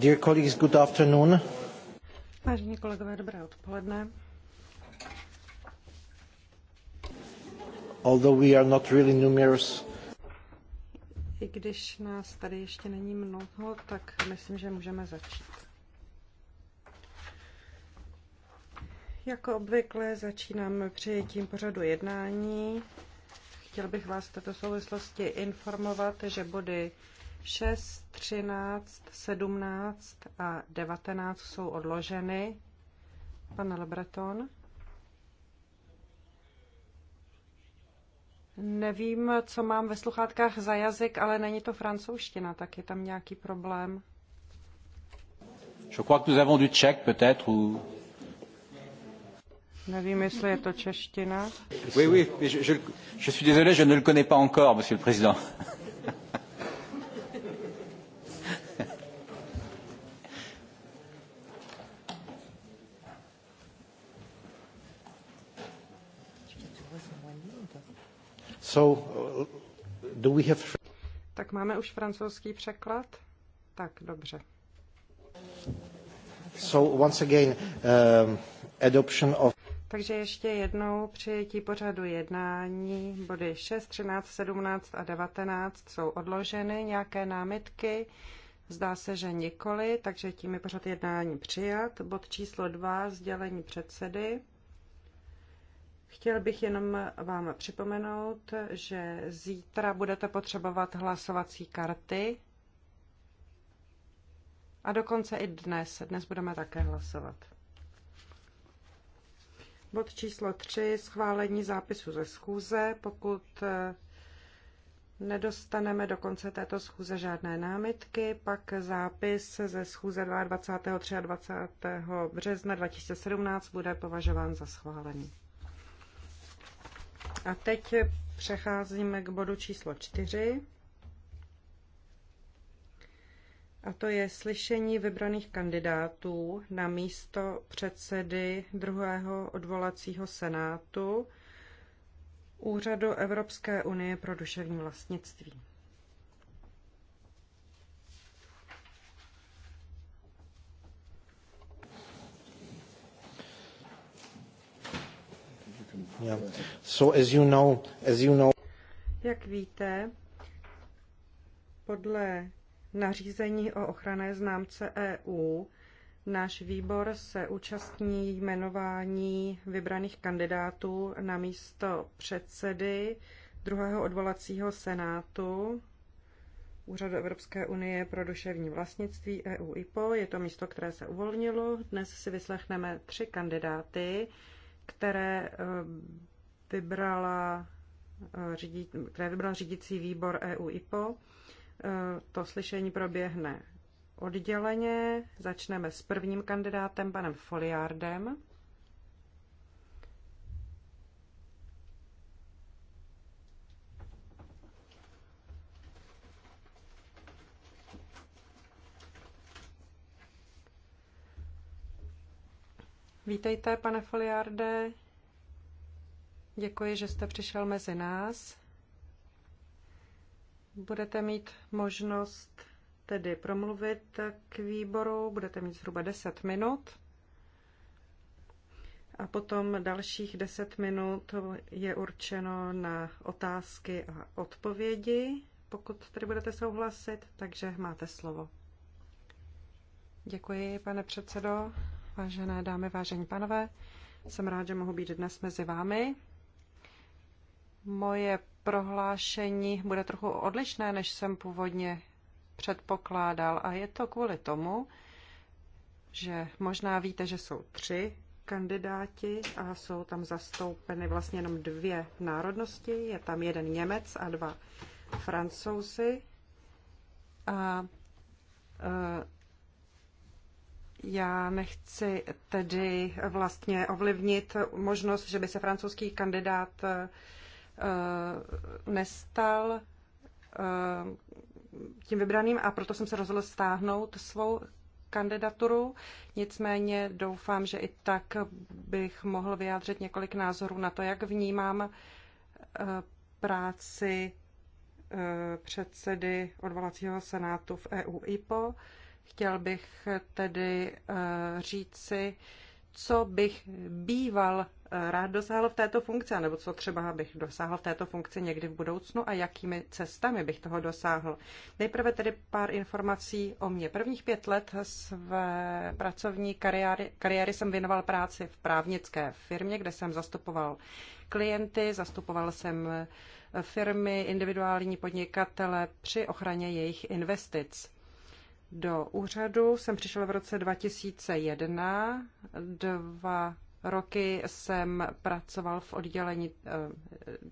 Dear colleagues, good afternoon. Vážení kolegové, dobré odpoledne. Although we are not really numerous, i když nás tady ještě není mnoho, tak myslím, že můžeme začít. Jako obvykle začínáme přijetím pořadu jednání. Chtěl bych vás v této souvislosti informovat, že body 6, 13, 17 a 19 jsou odloženy. Pane Lebreton? Nevím, co mám ve sluchátkách za jazyk, ale není to francouzština, tak je tam nějaký problém. Je crois que nous avons du tchèque peut-être ou Nevím, jestli je to čeština. Oui, oui, je, je, je suis désolé, je ne le connais pas encore, monsieur le président. So, uh, do we have... Tak máme už francouzský překlad? Tak, dobře. So once again, um, adoption of... Takže ještě jednou přijetí pořadu jednání. Body 6, 13, 17 a 19 jsou odloženy. Nějaké námitky? Zdá se, že nikoli, takže tím je pořad jednání přijat. Bod číslo 2, sdělení předsedy. Chtěl bych jenom vám připomenout, že zítra budete potřebovat hlasovací karty a dokonce i dnes. Dnes budeme také hlasovat. Bod číslo 3. Schválení zápisu ze schůze. Pokud eh, nedostaneme do konce této schůze žádné námitky, pak zápis ze schůze 22. 23. března 2017 bude považován za schválený. A teď přecházíme k bodu číslo čtyři. A to je slyšení vybraných kandidátů na místo předsedy druhého odvolacího senátu Úřadu Evropské unie pro duševní vlastnictví. Yeah. So as you know, as you know... Jak víte, podle nařízení o ochranné známce EU náš výbor se účastní jmenování vybraných kandidátů na místo předsedy druhého odvolacího senátu Úřadu Evropské unie pro duševní vlastnictví EU IPO. Je to místo, které se uvolnilo. Dnes si vyslechneme tři kandidáty které eh, vybrala eh, které vybral řídící výbor EU IPO. Eh, to slyšení proběhne odděleně. Začneme s prvním kandidátem, panem Foliardem. Vítejte, pane Foliarde. Děkuji, že jste přišel mezi nás. Budete mít možnost tedy promluvit k výboru, budete mít zhruba 10 minut. A potom dalších 10 minut je určeno na otázky a odpovědi, pokud tedy budete souhlasit, takže máte slovo. Děkuji, pane předsedo. Vážené dámy, vážení panové, jsem rád, že mohu být dnes mezi vámi. Moje prohlášení bude trochu odlišné, než jsem původně předpokládal a je to kvůli tomu, že možná víte, že jsou tři kandidáti a jsou tam zastoupeny vlastně jenom dvě národnosti. Je tam jeden Němec a dva Francouzi. A e, já nechci tedy vlastně ovlivnit možnost, že by se francouzský kandidát eh, nestal eh, tím vybraným a proto jsem se rozhodl stáhnout svou kandidaturu. Nicméně doufám, že i tak bych mohl vyjádřit několik názorů na to, jak vnímám eh, práci předsedy odvolacího senátu v EU IPO Chtěl bych tedy eh, říci, co bych býval eh, rád dosáhl v této funkci, nebo co třeba bych dosáhl v této funkci někdy v budoucnu a jakými cestami bych toho dosáhl. Nejprve tedy pár informací o mě. Prvních pět let své pracovní kariéry, kariéry jsem věnoval práci v právnické firmě, kde jsem zastupoval klienty, zastupoval jsem eh, firmy, individuální podnikatele při ochraně jejich investic do úřadu jsem přišel v roce 2001. Dva roky jsem pracoval v oddělení eh,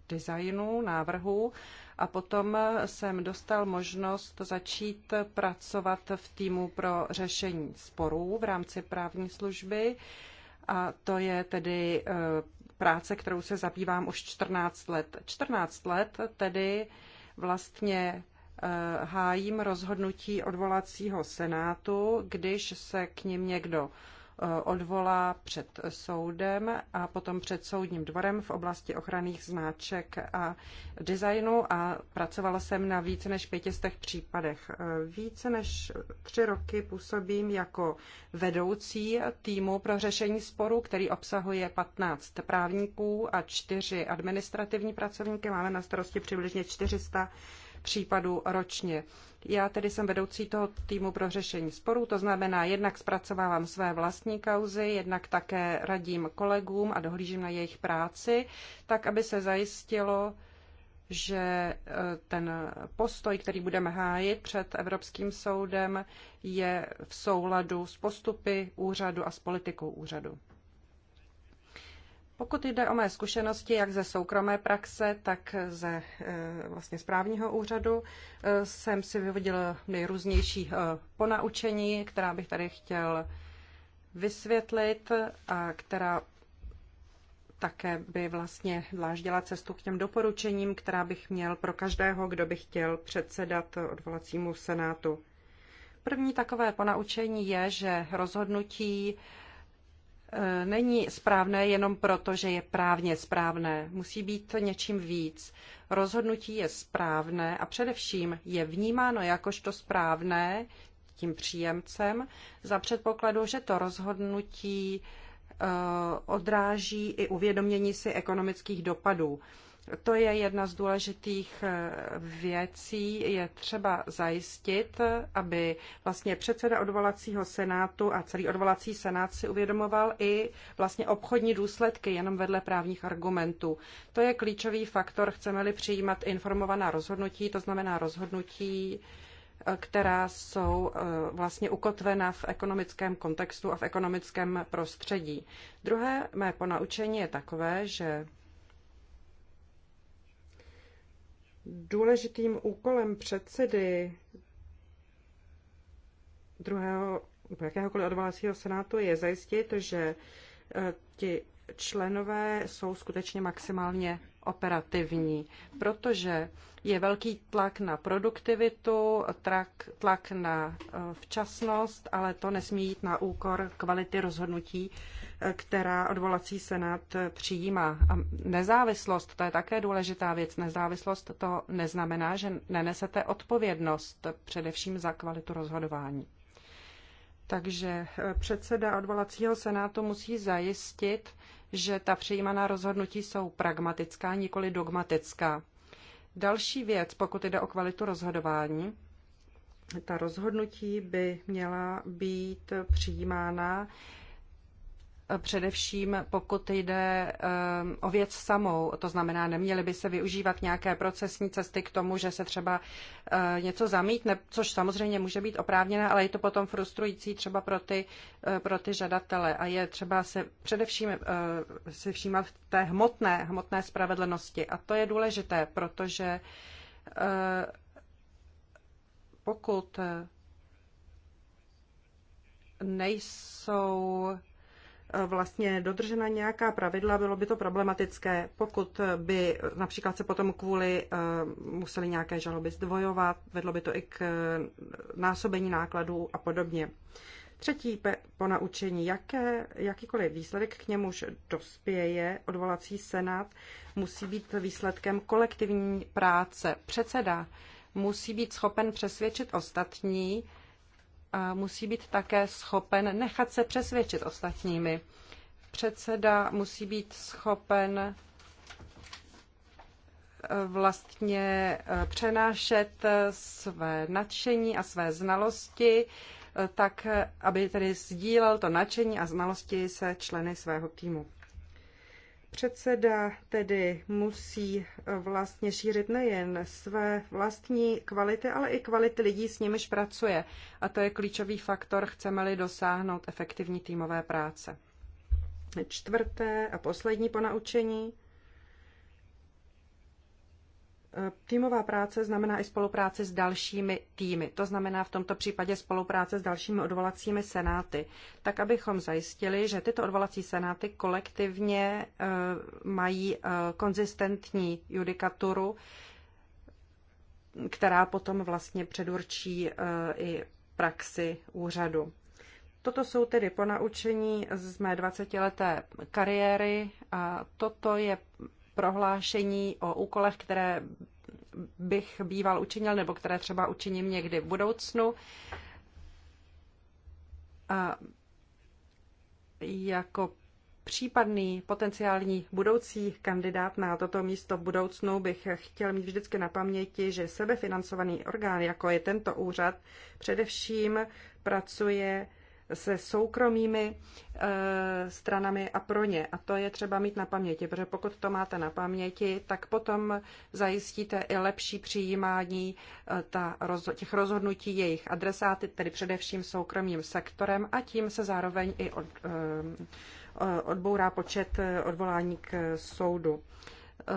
designu, návrhu a potom jsem dostal možnost začít pracovat v týmu pro řešení sporů v rámci právní služby. A to je tedy eh, práce, kterou se zabývám už 14 let. 14 let tedy vlastně Eh, hájím rozhodnutí odvolacího senátu, když se k ním někdo eh, odvolá před soudem a potom před soudním dvorem v oblasti ochranných značek a designu a pracovala jsem na více než 500 případech. Eh, více než tři roky působím jako vedoucí týmu pro řešení sporu, který obsahuje 15 právníků a čtyři administrativní pracovníky. Máme na starosti přibližně 400 případů ročně. Já tedy jsem vedoucí toho týmu pro řešení sporů, to znamená, jednak zpracovávám své vlastní kauzy, jednak také radím kolegům a dohlížím na jejich práci, tak aby se zajistilo, že eh, ten postoj, který budeme hájit před Evropským soudem, je v souladu s postupy úřadu a s politikou úřadu. Pokud jde o mé zkušenosti jak ze soukromé praxe, tak ze eh, vlastně správního úřadu, eh, jsem si vyvodil nejrůznější eh, ponaučení, která bych tady chtěl vysvětlit a která také by vlastně dláždila cestu k těm doporučením, která bych měl pro každého, kdo by chtěl předsedat odvolacímu senátu. První takové ponaučení je, že rozhodnutí E, není správné jenom proto, že je právně správné. Musí být to něčím víc. Rozhodnutí je správné a především je vnímáno jakožto správné tím příjemcem za předpokladu, že to rozhodnutí e, odráží i uvědomění si ekonomických dopadů. To je jedna z důležitých eh, věcí. Je třeba zajistit, aby vlastně předseda odvolacího senátu a celý odvolací senát si uvědomoval i vlastně obchodní důsledky jenom vedle právních argumentů. To je klíčový faktor, chceme-li přijímat informovaná rozhodnutí, to znamená rozhodnutí, eh, která jsou eh, vlastně ukotvena v ekonomickém kontextu a v ekonomickém prostředí. Druhé mé ponaučení je takové, že důležitým úkolem předsedy druhého jakéhokoliv odvolacího senátu je zajistit, že eh, ti členové jsou skutečně maximálně operativní, protože je velký tlak na produktivitu, tlak, tlak na eh, včasnost, ale to nesmí jít na úkor kvality rozhodnutí, která odvolací senát přijímá. A nezávislost, to je také důležitá věc. Nezávislost to neznamená, že nenesete odpovědnost především za kvalitu rozhodování. Takže eh, předseda odvolacího senátu musí zajistit, že ta přijímaná rozhodnutí jsou pragmatická, nikoli dogmatická. Další věc, pokud jde o kvalitu rozhodování, ta rozhodnutí by měla být přijímána především pokud jde ehm, o věc samou. To znamená, neměly by se využívat nějaké procesní cesty k tomu, že se třeba eh, něco zamítne, což samozřejmě může být oprávněné, ale je to potom frustrující třeba pro ty, eh, pro ty žadatele. A je třeba se především eh, si všímat té hmotné, hmotné spravedlnosti. A to je důležité, protože pokud nejsou Eh, vlastně dodržena nějaká pravidla, bylo by to problematické, pokud by například se potom kvůli eh, museli nějaké žaloby zdvojovat, vedlo by to i k eh, násobení nákladů a podobně. Třetí po naučení, jaké, jakýkoliv výsledek k němuž dospěje odvolací senát, musí být výsledkem kolektivní práce. Předseda musí být schopen přesvědčit ostatní, a musí být také schopen nechat se přesvědčit ostatními. Předseda musí být schopen eh, vlastně eh, přenášet eh, své nadšení a své znalosti, tak aby tedy sdílel to nadšení a znalosti se členy svého týmu. Předseda tedy musí eh, vlastně šířit nejen své vlastní kvality, ale i kvality lidí, s nimiž pracuje. A to je klíčový faktor, chceme-li dosáhnout efektivní týmové práce. Čtvrté a poslední ponaučení Týmová práce znamená i spolupráce s dalšími týmy, to znamená v tomto případě spolupráce s dalšími odvolacími senáty, tak abychom zajistili, že tyto odvolací senáty kolektivně e, mají e, konzistentní judikaturu, která potom vlastně předurčí e, i praxi úřadu. Toto jsou tedy ponaučení z mé 20-leté kariéry a toto je prohlášení o úkolech, které bych býval učinil nebo které třeba učiním někdy v budoucnu. A jako případný potenciální budoucí kandidát na toto místo v budoucnu bych chtěl mít vždycky na paměti, že sebefinancovaný orgán, jako je tento úřad, především pracuje se soukromými eh, stranami a pro ně. A to je třeba mít na paměti, protože pokud to máte na paměti, tak potom zajistíte i lepší přijímání eh, ta, těch rozhodnutí jejich adresáty, tedy především soukromým sektorem a tím se zároveň i od, eh, odbourá počet odvolání k soudu. Eh,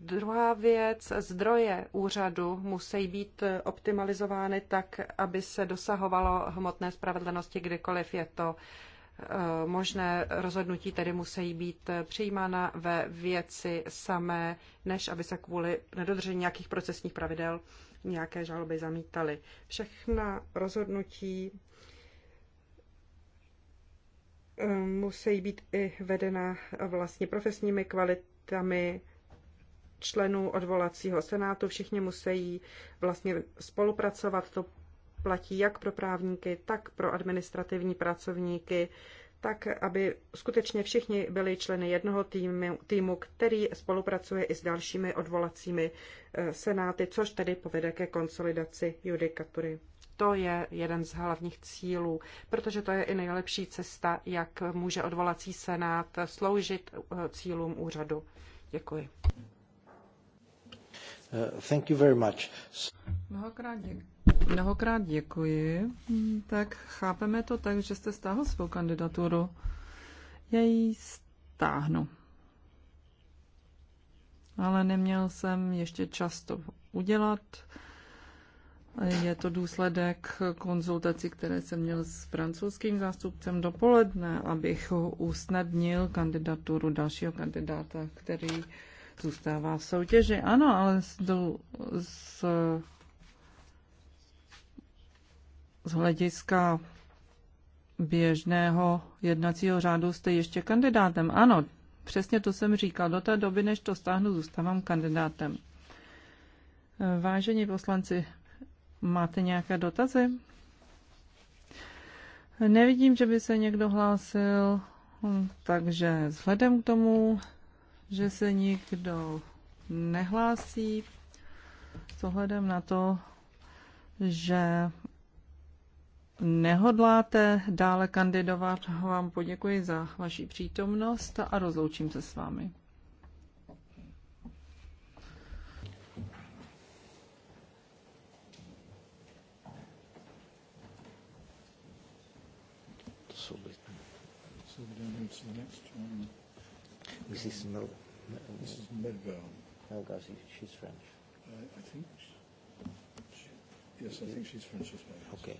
druhá věc, zdroje úřadu musí být optimalizovány tak, aby se dosahovalo hmotné spravedlnosti, kdykoliv je to eh, možné. Rozhodnutí tedy musí být přijímána ve věci samé, než aby se kvůli nedodržení nějakých procesních pravidel nějaké žaloby zamítaly. Všechna rozhodnutí eh, musí být i vedena vlastně profesními kvalitami, členů odvolacího senátu. Všichni musí vlastně spolupracovat. To platí jak pro právníky, tak pro administrativní pracovníky, tak aby skutečně všichni byli členy jednoho týmu, týmu který spolupracuje i s dalšími odvolacími eh, senáty, což tedy povede ke konsolidaci judikatury. To je jeden z hlavních cílů, protože to je i nejlepší cesta, jak může odvolací senát sloužit eh, cílům úřadu. Děkuji. Uh, thank you very much. Mnohokrát děkuji. Mnohokrát děkuji. Tak chápeme to tak, že jste stáhl svou kandidaturu. Já ji stáhnu. Ale neměl jsem ještě čas to udělat. Je to důsledek konzultací, které jsem měl s francouzským zástupcem dopoledne, abych usnadnil kandidaturu dalšího kandidáta, který zůstává v soutěži. Ano, ale z, z, z hlediska běžného jednacího řádu jste ještě kandidátem. Ano, přesně to jsem říkal. Do té doby, než to stáhnu, zůstávám kandidátem. Vážení poslanci, máte nějaké dotazy? Nevidím, že by se někdo hlásil, takže vzhledem k tomu že se nikdo nehlásí s ohledem na to, že nehodláte dále kandidovat, vám poděkuji za vaši přítomnost a rozloučím se s vámi. Mrs. No. Miller. Medville. No, guys, she's French. I, uh, I think. She, yes, I think she's French as well. Okay.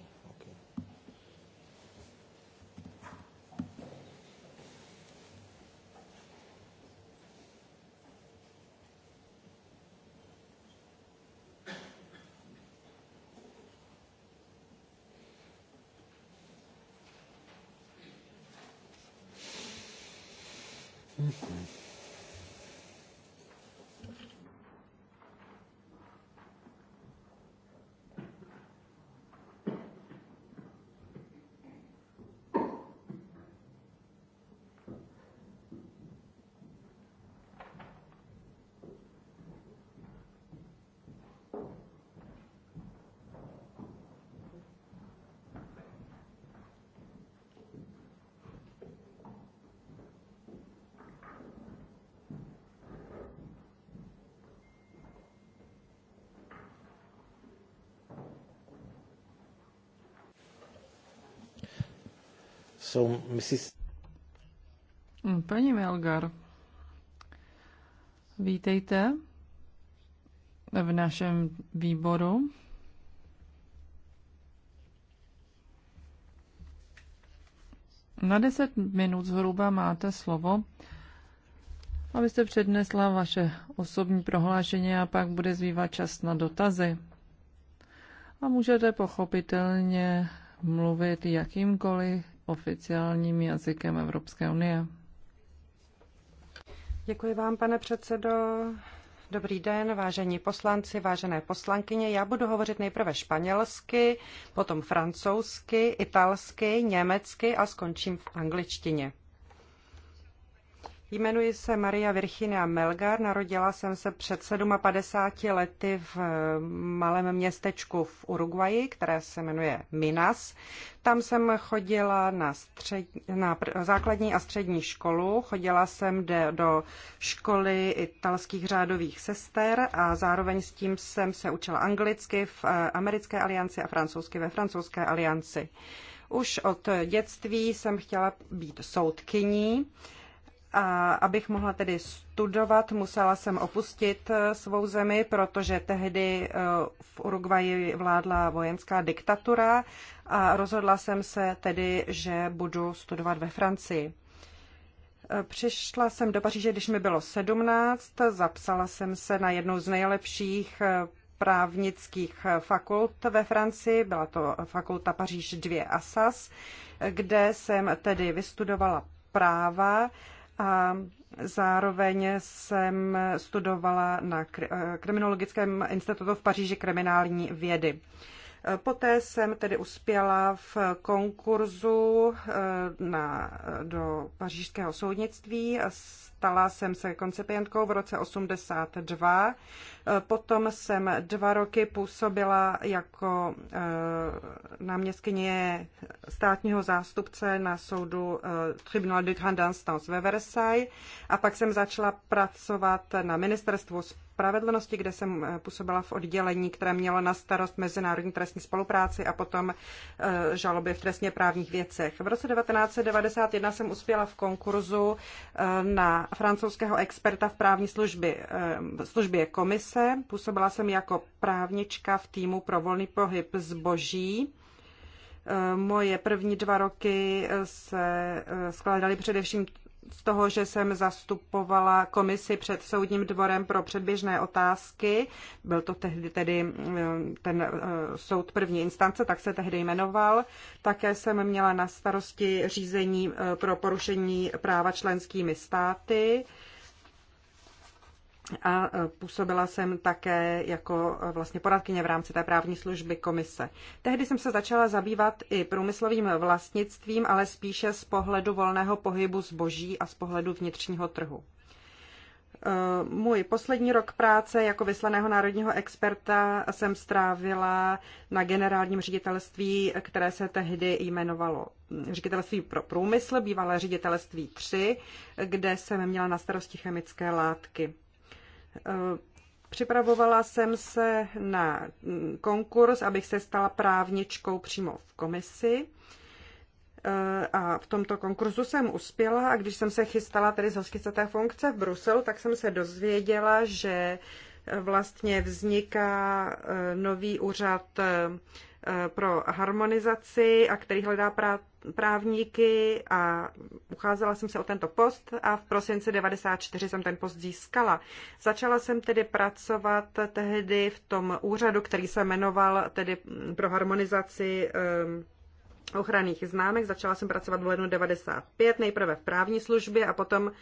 jsou, Mrs. Mm, paní Melgar, vítejte v našem výboru. Na 10 minut zhruba máte slovo, abyste přednesla vaše osobní prohlášení a pak bude zbývat čas na dotazy. A můžete pochopitelně mluvit jakýmkoliv oficiálním jazykem Evropské unie. Děkuji vám, pane předsedo. Dobrý den, vážení poslanci, vážené poslankyně. Já budu hovořit nejprve španělsky, potom francouzsky, italsky, německy a skončím v angličtině. Jmenuji se Maria Virchina Melgar, narodila jsem se před 57 lety v eh, malém městečku v Uruguayi, které se jmenuje Minas. Tam jsem chodila na, střed, na základní a střední školu, chodila jsem de, do školy italských řádových sester a zároveň s tím jsem se učila anglicky v eh, americké alianci a francouzsky ve francouzské alianci. Už od dětství jsem chtěla být soudkyní. A abych mohla tedy studovat, musela jsem opustit eh, svou zemi, protože tehdy eh, v Uruguayi vládla vojenská diktatura a rozhodla jsem se tedy, že budu studovat ve Francii. Eh, přišla jsem do Paříže, když mi bylo 17, zapsala jsem se na jednu z nejlepších právnických fakult ve Francii, byla to fakulta Paříž 2 Assas, kde jsem tedy vystudovala práva a zároveň jsem studovala na eh, Kriminologickém institutu v Paříži kriminální vědy. Eh, poté jsem tedy uspěla v konkurzu eh, na, do pařížského soudnictví s Stala jsem se koncipientkou v roce 82. Potom jsem dva roky působila jako eh, náměstkyně státního zástupce na soudu eh, Tribunal de Grand ve Versailles a pak jsem začala pracovat na ministerstvu spravedlnosti, kde jsem eh, působila v oddělení, které mělo na starost mezinárodní trestní spolupráci a potom žaloby v trestně právních věcech. V roce 1991 jsem uspěla v konkurzu na francouzského experta v právní službě, eh, službě komise. Působila jsem jako právnička v týmu pro volný pohyb zboží. Eh, moje první dva roky se eh, skládaly především z toho, že jsem zastupovala komisi před Soudním dvorem pro předběžné otázky. Byl to tehdy tedy eh, ten eh, soud první instance, tak se tehdy jmenoval. Také jsem měla na starosti řízení eh, pro porušení práva členskými státy a e, působila jsem také jako e, vlastně poradkyně v rámci té právní služby komise. Tehdy jsem se začala zabývat i průmyslovým vlastnictvím, ale spíše z pohledu volného pohybu zboží a z pohledu vnitřního trhu. E, můj poslední rok práce jako vyslaného národního experta jsem strávila na generálním ředitelství, které se tehdy jmenovalo ředitelství pro průmysl, bývalé ředitelství 3, kde jsem měla na starosti chemické látky. Připravovala jsem se na konkurs, abych se stala právničkou přímo v komisi. A v tomto konkurzu jsem uspěla a když jsem se chystala tedy z té funkce v Bruselu, tak jsem se dozvěděla, že vlastně vzniká eh, nový úřad eh, pro harmonizaci a který hledá právníky a ucházela jsem se o tento post a v prosinci 94 jsem ten post získala. Začala jsem tedy pracovat tehdy v tom úřadu, který se jmenoval tedy pro harmonizaci ehm, ochranných známek. Začala jsem pracovat v lednu 95, nejprve v právní službě a potom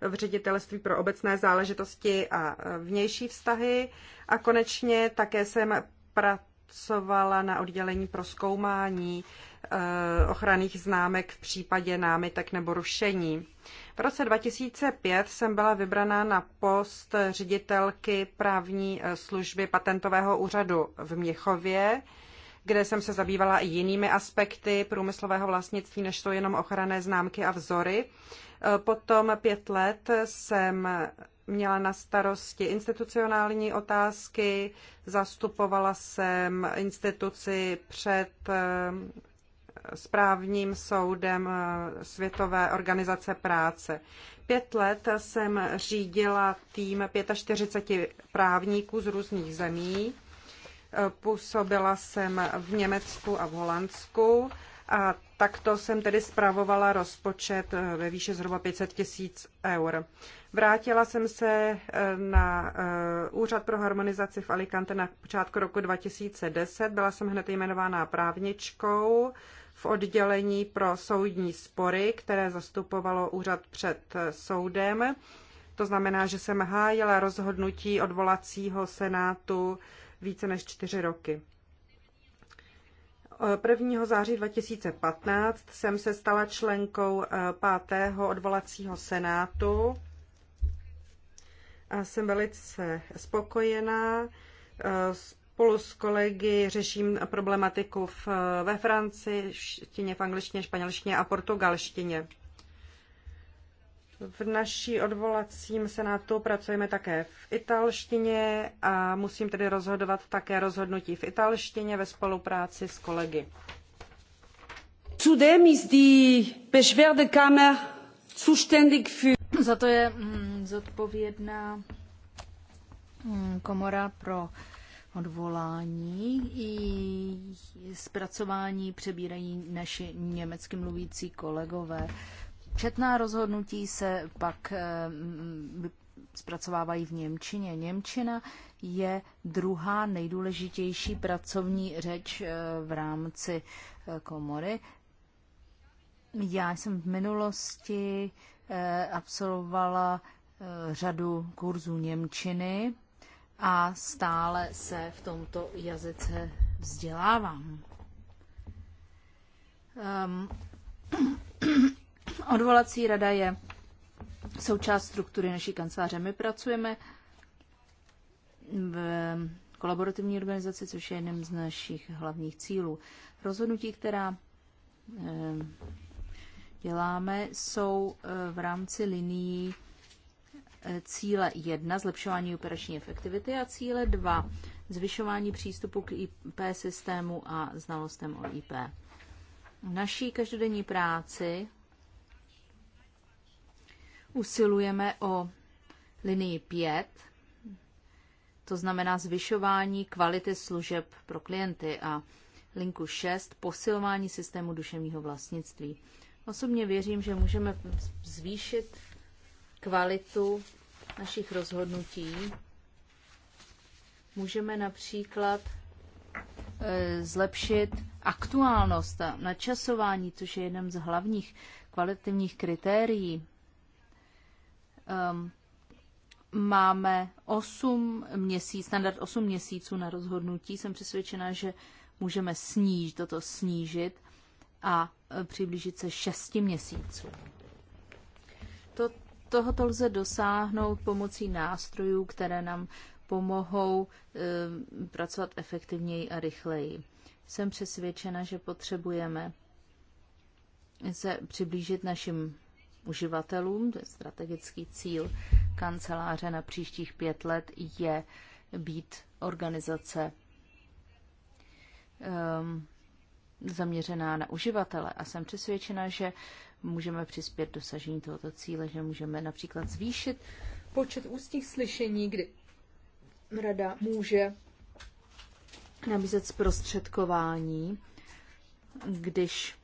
v ředitelství pro obecné záležitosti a e, vnější vztahy. A konečně také jsem pracovala na oddělení pro zkoumání uh, Eh, ochranných známek v případě námitek nebo rušení. V roce 2005 jsem byla vybraná na post ředitelky právní eh, služby patentového úřadu v Měchově, kde jsem se zabývala i jinými aspekty průmyslového vlastnictví, než jsou jenom ochranné známky a vzory. Eh, potom pět let jsem měla na starosti institucionální otázky, zastupovala jsem instituci před správním soudem eh, Světové organizace práce. Pět let jsem řídila tým 45 právníků z různých zemí. Eh, působila jsem v Německu a v Holandsku a takto jsem tedy spravovala rozpočet eh, ve výše zhruba 500 tisíc eur. Vrátila jsem se na Úřad pro harmonizaci v Alicante na počátku roku 2010. Byla jsem hned jmenována právničkou v oddělení pro soudní spory, které zastupovalo úřad před soudem. To znamená, že jsem hájila rozhodnutí odvolacího senátu více než čtyři roky. 1. září 2015 jsem se stala členkou 5. Eh, odvolacího senátu a jsem velice spokojená eh, s Spolu s kolegy řeším problematiku v, ve Francii, v angličtině, španělštině a portugalštině. V naší odvolacím senátu pracujeme také v italštině a musím tedy rozhodovat také rozhodnutí v italštině ve spolupráci s kolegy. Zudem ist die Beschwerdekammer zuständig für... Za to je mm, zodpovědná mm, komora pro uh, odvolání i zpracování přebírají naši německy mluvící kolegové. Četná rozhodnutí se pak eh, zpracovávají v Němčině. Němčina je druhá nejdůležitější pracovní řeč eh, v rámci eh, komory. Já jsem v minulosti absolvovala řadu kurzů Němčiny a stále se v tomto jazyce vzdělávám. Um, odvolací rada je součást struktury naší kanceláře. My pracujeme v kolaborativní organizaci, což je jedním z našich hlavních cílů. Rozhodnutí, která ehm, děláme, jsou eh, v rámci linií cíle 1 zlepšování operační efektivity a cíle 2 zvyšování přístupu k IP systému a znalostem o IP. V naší každodenní práci usilujeme o linii 5, to znamená zvyšování kvality služeb pro klienty a linku 6 posilování systému duševního vlastnictví. Osobně věřím, že můžeme zvýšit kvalitu našich rozhodnutí. Můžeme například e, zlepšit aktuálnost a načasování, což je jeden z hlavních kvalitativních kritérií. Ehm, máme 8 měsíc, standard 8 měsíců na rozhodnutí. Jsem přesvědčena, že můžeme snížit, toto snížit a e, přiblížit se 6 měsíců. To tohoto lze dosáhnout pomocí nástrojů, které nám pomohou eh, pracovat efektivněji a rychleji. Jsem přesvědčena, že potřebujeme se přiblížit našim uživatelům, to je strategický cíl kanceláře na příštích pět let, je být organizace ehm, zaměřená na uživatele. A jsem přesvědčena, že můžeme přispět dosažení tohoto cíle, že můžeme například zvýšit počet ústních slyšení, kdy rada může nabízet zprostředkování, když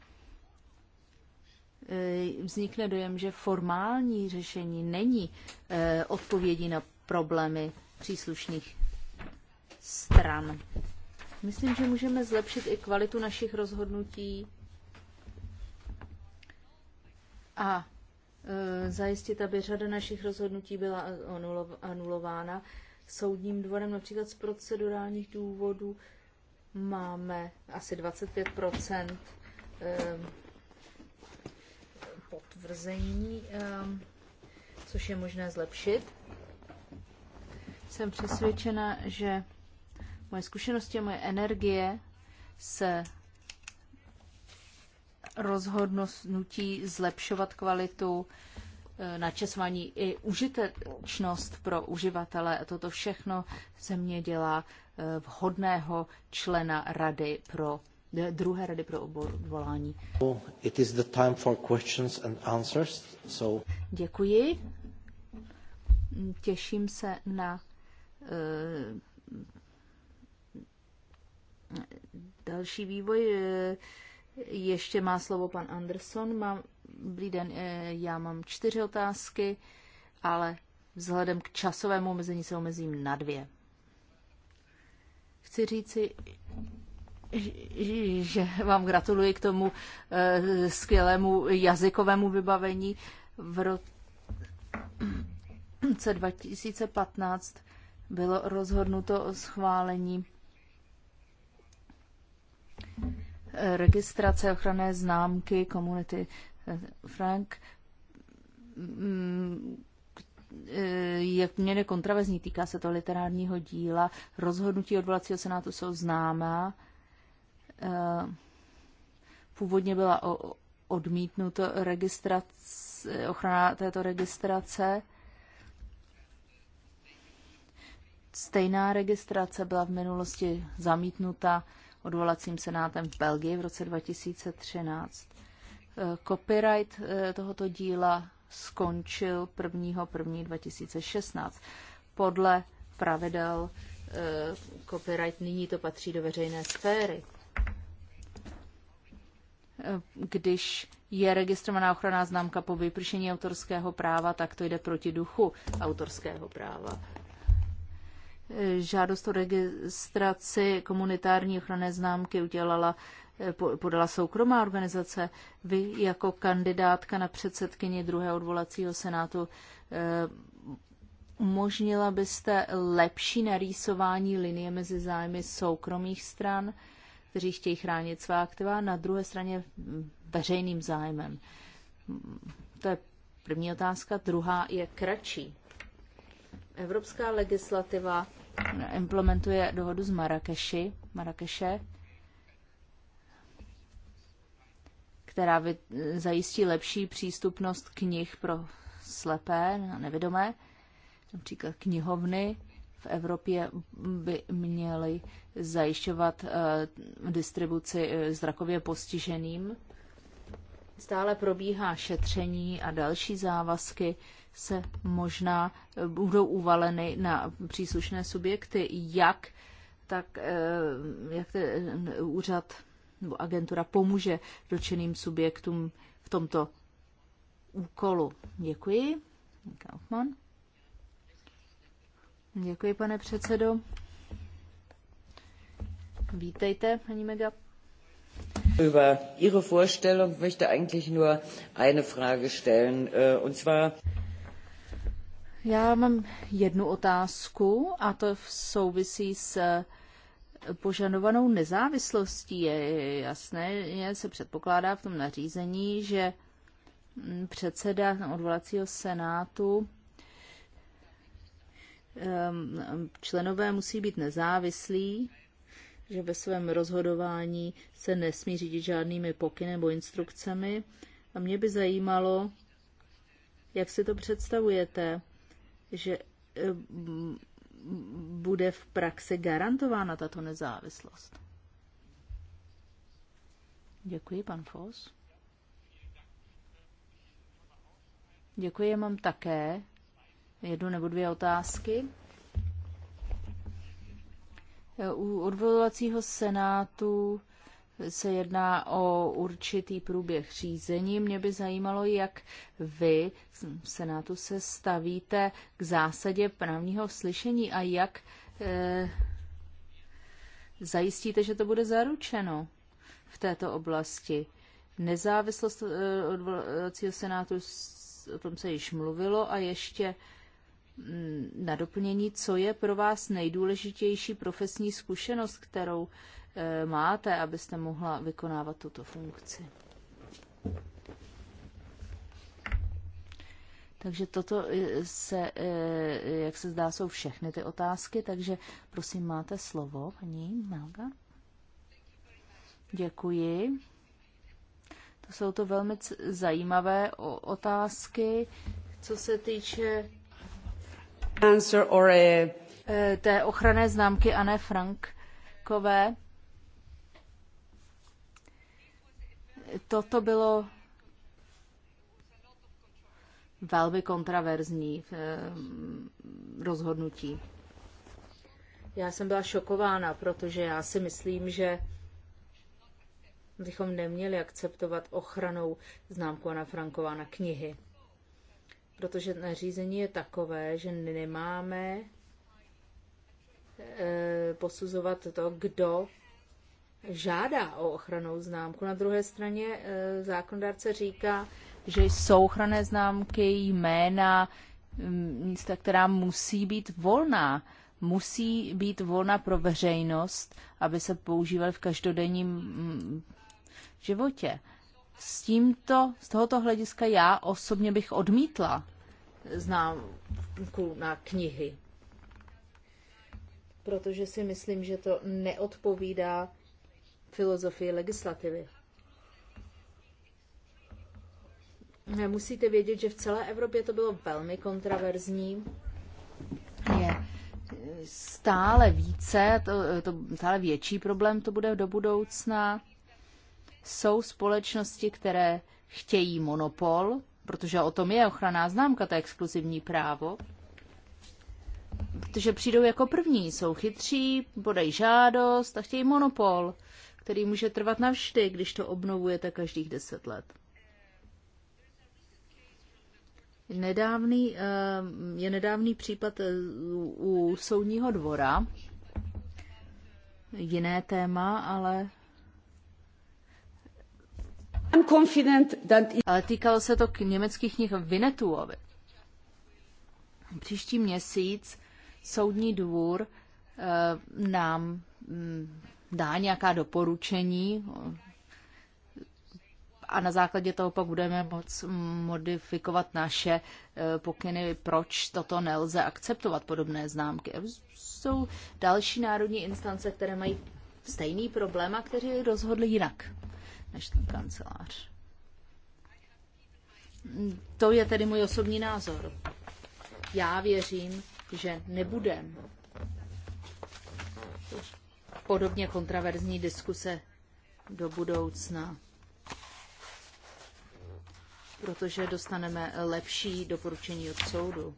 eh, vznikne dojem, že formální řešení není eh, odpovědí na problémy příslušných stran. Myslím, že můžeme zlepšit i kvalitu našich rozhodnutí a e, zajistit, aby řada našich rozhodnutí byla anulována soudním dvorem, například z procedurálních důvodů máme asi 25 e, potvrzení, e, což je možné zlepšit. Jsem přesvědčena, že moje zkušenosti a moje energie se rozhodnutí zlepšovat kvalitu, eh, načesování i užitečnost pro uživatele. Toto všechno se mě dělá eh, vhodného člena rady pro eh, druhé rady pro obvolání. so... Děkuji. Těším se na uh, další vývoj. Uh, ještě má slovo pan Anderson. Mám, dobrý den, eh, já mám čtyři otázky, ale vzhledem k časovému omezení se omezím na dvě. Chci říci, že vám gratuluji k tomu eh, skvělému jazykovému vybavení. V roce 2015 bylo rozhodnuto o schválení registrace ochranné známky komunity eh, Frank, mm, eh, je poměrně kontravezní, týká se to literárního díla. Rozhodnutí odvolacího senátu jsou známá. Eh, původně byla odmítnuta registrace, ochrana této registrace. Stejná registrace byla v minulosti zamítnuta odvolacím senátem v Belgii v roce 2013. Eh, copyright eh, tohoto díla skončil 1.1.2016. Podle pravidel eh, copyright nyní to patří do veřejné sféry. Když je registrovaná ochranná známka po vypršení autorského práva, tak to jde proti duchu autorského práva žádost o registraci komunitární ochranné známky udělala podala soukromá organizace. Vy jako kandidátka na předsedkyni druhého odvolacího senátu eh, umožnila byste lepší narýsování linie mezi zájmy soukromých stran, kteří chtějí chránit svá aktiva, na druhé straně veřejným zájmem. To je první otázka. Druhá je kratší. Evropská legislativa implementuje dohodu z Marrakeši, Marrakeše, která vy, zajistí lepší přístupnost knih pro slepé a nevědomé. Například knihovny v Evropě by měly zajišťovat eh, distribuci eh, zrakově postiženým. Stále probíhá šetření a další závazky se možná eh, budou uvaleny na příslušné subjekty, jak tak eh, jak ten eh, úřad nebo agentura pomůže dočeným subjektům v tomto úkolu. Děkuji. Kaufmann. Děkuji, pane předsedo. Vítejte, paní Mega. Über Ihre Vorstellung möchte eigentlich nur eine Frage stellen, äh, und zwar... Já mám jednu otázku a to v souvisí s eh, požadovanou nezávislostí. Je jasné, je, se předpokládá v tom nařízení, že mm, předseda odvolacího senátu ehm, členové musí být nezávislí, že ve svém rozhodování se nesmí řídit žádnými pokyny nebo instrukcemi. A mě by zajímalo, jak si to představujete že eh, bude v praxi garantována tato nezávislost. Děkuji, pan Fos. Děkuji, mám také jednu nebo dvě otázky. Eh, u odvolacího senátu se jedná o určitý průběh řízení. Mě by zajímalo, jak vy v Senátu se stavíte k zásadě právního slyšení a jak e, zajistíte, že to bude zaručeno v této oblasti. Nezávislost eh, odvolacího senátu, o tom se již mluvilo, a ještě mm, na doplnění, co je pro vás nejdůležitější profesní zkušenost, kterou Eh, máte, abyste mohla vykonávat tuto funkci. Takže toto se, eh, jak se zdá, jsou všechny ty otázky, takže prosím, máte slovo, paní Melga. Děkuji. To jsou to velmi zajímavé otázky, co se týče eh, té ochranné známky Anne Frankové. toto bylo velmi kontraverzní eh, rozhodnutí. Já jsem byla šokována, protože já si myslím, že bychom neměli akceptovat ochranou známku Ana Franková na knihy. Protože nařízení je takové, že nemáme eh, posuzovat to, kdo žádá o ochranou známku. Na druhé straně eh, zákonodárce říká, že jsou ochranné známky, jména, mm, místa, která musí být volná. Musí být volná pro veřejnost, aby se používaly v každodenním mm, životě. S tímto, z tohoto hlediska já osobně bych odmítla známku na knihy, protože si myslím, že to neodpovídá filozofii legislativy. Musíte vědět, že v celé Evropě to bylo velmi kontraverzní. Je stále více, to, to, stále větší problém to bude do budoucna. Jsou společnosti, které chtějí monopol, protože o tom je ochranná známka, to je exkluzivní právo. Protože přijdou jako první, jsou chytří, podají žádost a chtějí monopol který může trvat navždy, když to obnovujete každých deset let. Nedávný, eh, je nedávný případ eh, u soudního dvora, jiné téma, ale ale týkalo se to k německých knih Vinetuovi. Příští měsíc soudní dvůr eh, nám mm, dá nějaká doporučení a na základě toho pak budeme moc modifikovat naše eh, pokyny, proč toto nelze akceptovat, podobné známky. Jsou další národní instance, které mají stejný problém a kteří rozhodli jinak než ten kancelář. To je tedy můj osobní názor. Já věřím, že nebudem podobně kontraverzní diskuse do budoucna, protože dostaneme lepší doporučení od soudu.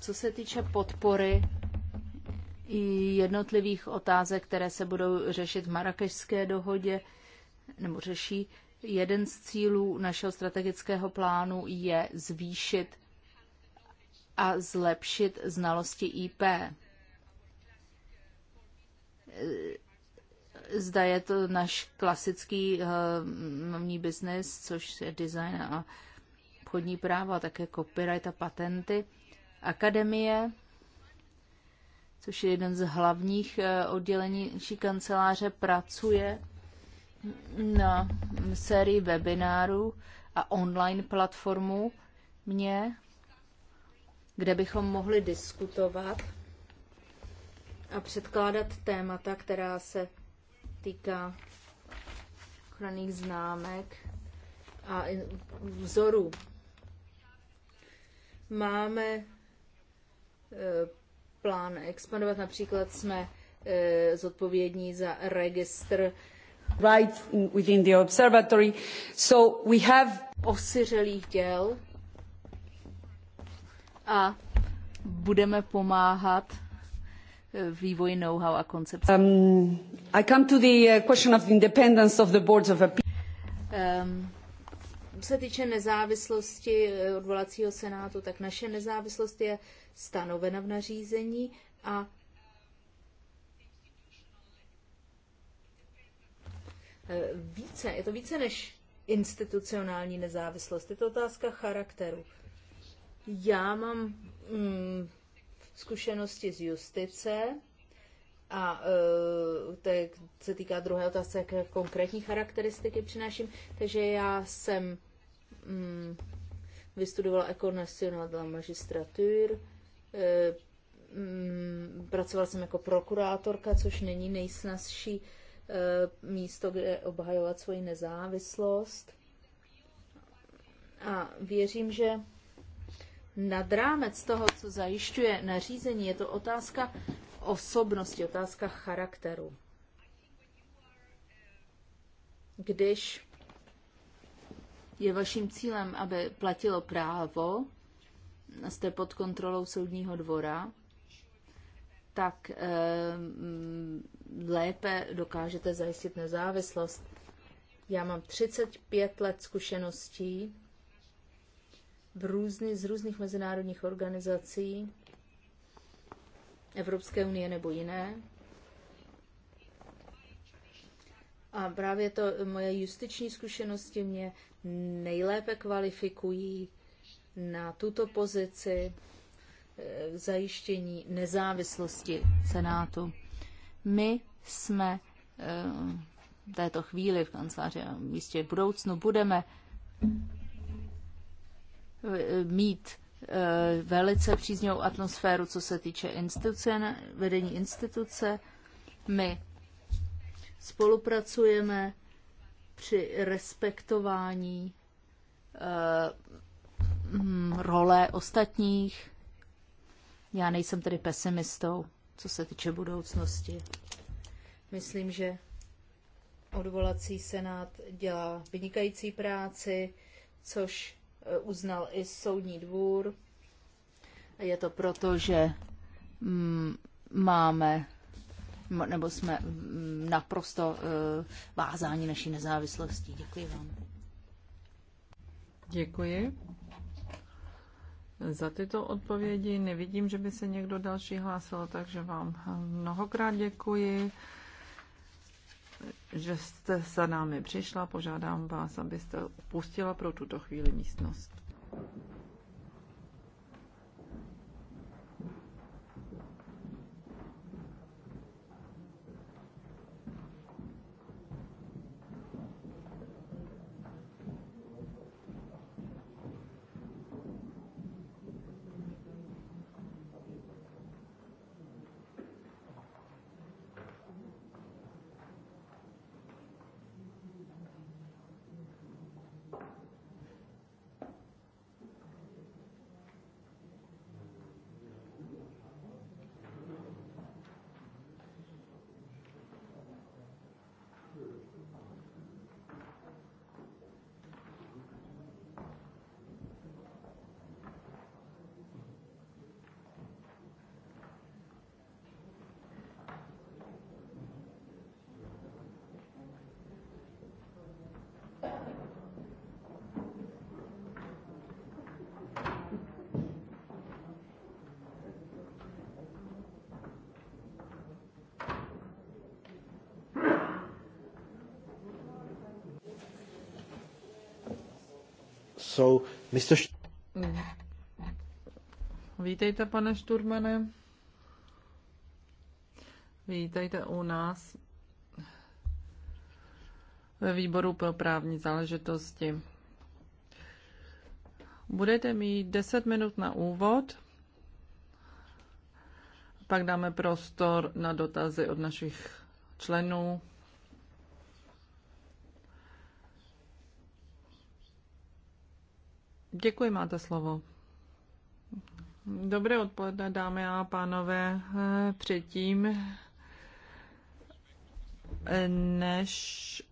Co se týče podpory jednotlivých otázek, které se budou řešit v marakešské dohodě, nebo řeší, jeden z cílů našeho strategického plánu je zvýšit a zlepšit znalosti IP zda je to náš klasický eh, mamní biznis, což je design a obchodní práva, také copyright a patenty. Akademie, což je jeden z hlavních eh, oddělení naší kanceláře, pracuje na sérii webinárů a online platformu mě, kde bychom mohli diskutovat a předkládat témata, která se týká ochranných známek a vzorů. Máme e, plán expandovat, například jsme e, zodpovědní za registr right within the observatory. So we have osiřelých děl a budeme pomáhat vývoj know-how a koncepce. Um, I come to the uh, question of independence of the boards of appeal. Um, se týče nezávislosti eh, odvolacího senátu, tak naše nezávislost je stanovena v nařízení a eh, více, je to více než institucionální nezávislost, je to otázka charakteru. Já mám mm, zkušenosti z justice a e, to se týká druhé otázky, jaké konkrétní charakteristiky přináším. Takže já jsem mm, vystudovala École National de la Magistrature, e, mm, pracovala jsem jako prokurátorka, což není nejsnazší e, místo, kde obhajovat svoji nezávislost. A věřím, že nad rámec toho, co zajišťuje nařízení. Je to otázka osobnosti, otázka charakteru. Když je vaším cílem, aby platilo právo, jste pod kontrolou soudního dvora, tak eh, lépe dokážete zajistit nezávislost. Já mám 35 let zkušeností v různy, z různých mezinárodních organizací Evropské unie nebo jiné. A právě to moje justiční zkušenosti mě nejlépe kvalifikují na tuto pozici v eh, zajištění nezávislosti Senátu. My jsme eh, v této chvíli v kanceláři a jistě v budoucnu budeme Eh, mít eh, velice příznivou atmosféru, co se týče instituce, vedení instituce. My spolupracujeme při respektování eh, hm, role ostatních. Já nejsem tedy pesimistou, co se týče budoucnosti. Myslím, že odvolací senát dělá vynikající práci, což Eh, uznal i soudní dvůr. Je to proto, že mm, máme nebo jsme mm, naprosto eh, vázáni naší nezávislostí. Děkuji vám. Děkuji. Za tyto odpovědi nevidím, že by se někdo další hlásil, takže vám mnohokrát děkuji že jste za námi přišla. Požádám vás, abyste opustila pro tuto chvíli místnost. Vítejte, pane Šturmane. Vítejte u nás ve výboru pro právní záležitosti. Budete mít 10 minut na úvod, pak dáme prostor na dotazy od našich členů Děkuji, máte slovo. Dobré odpoledne, dámy a pánové. Předtím, než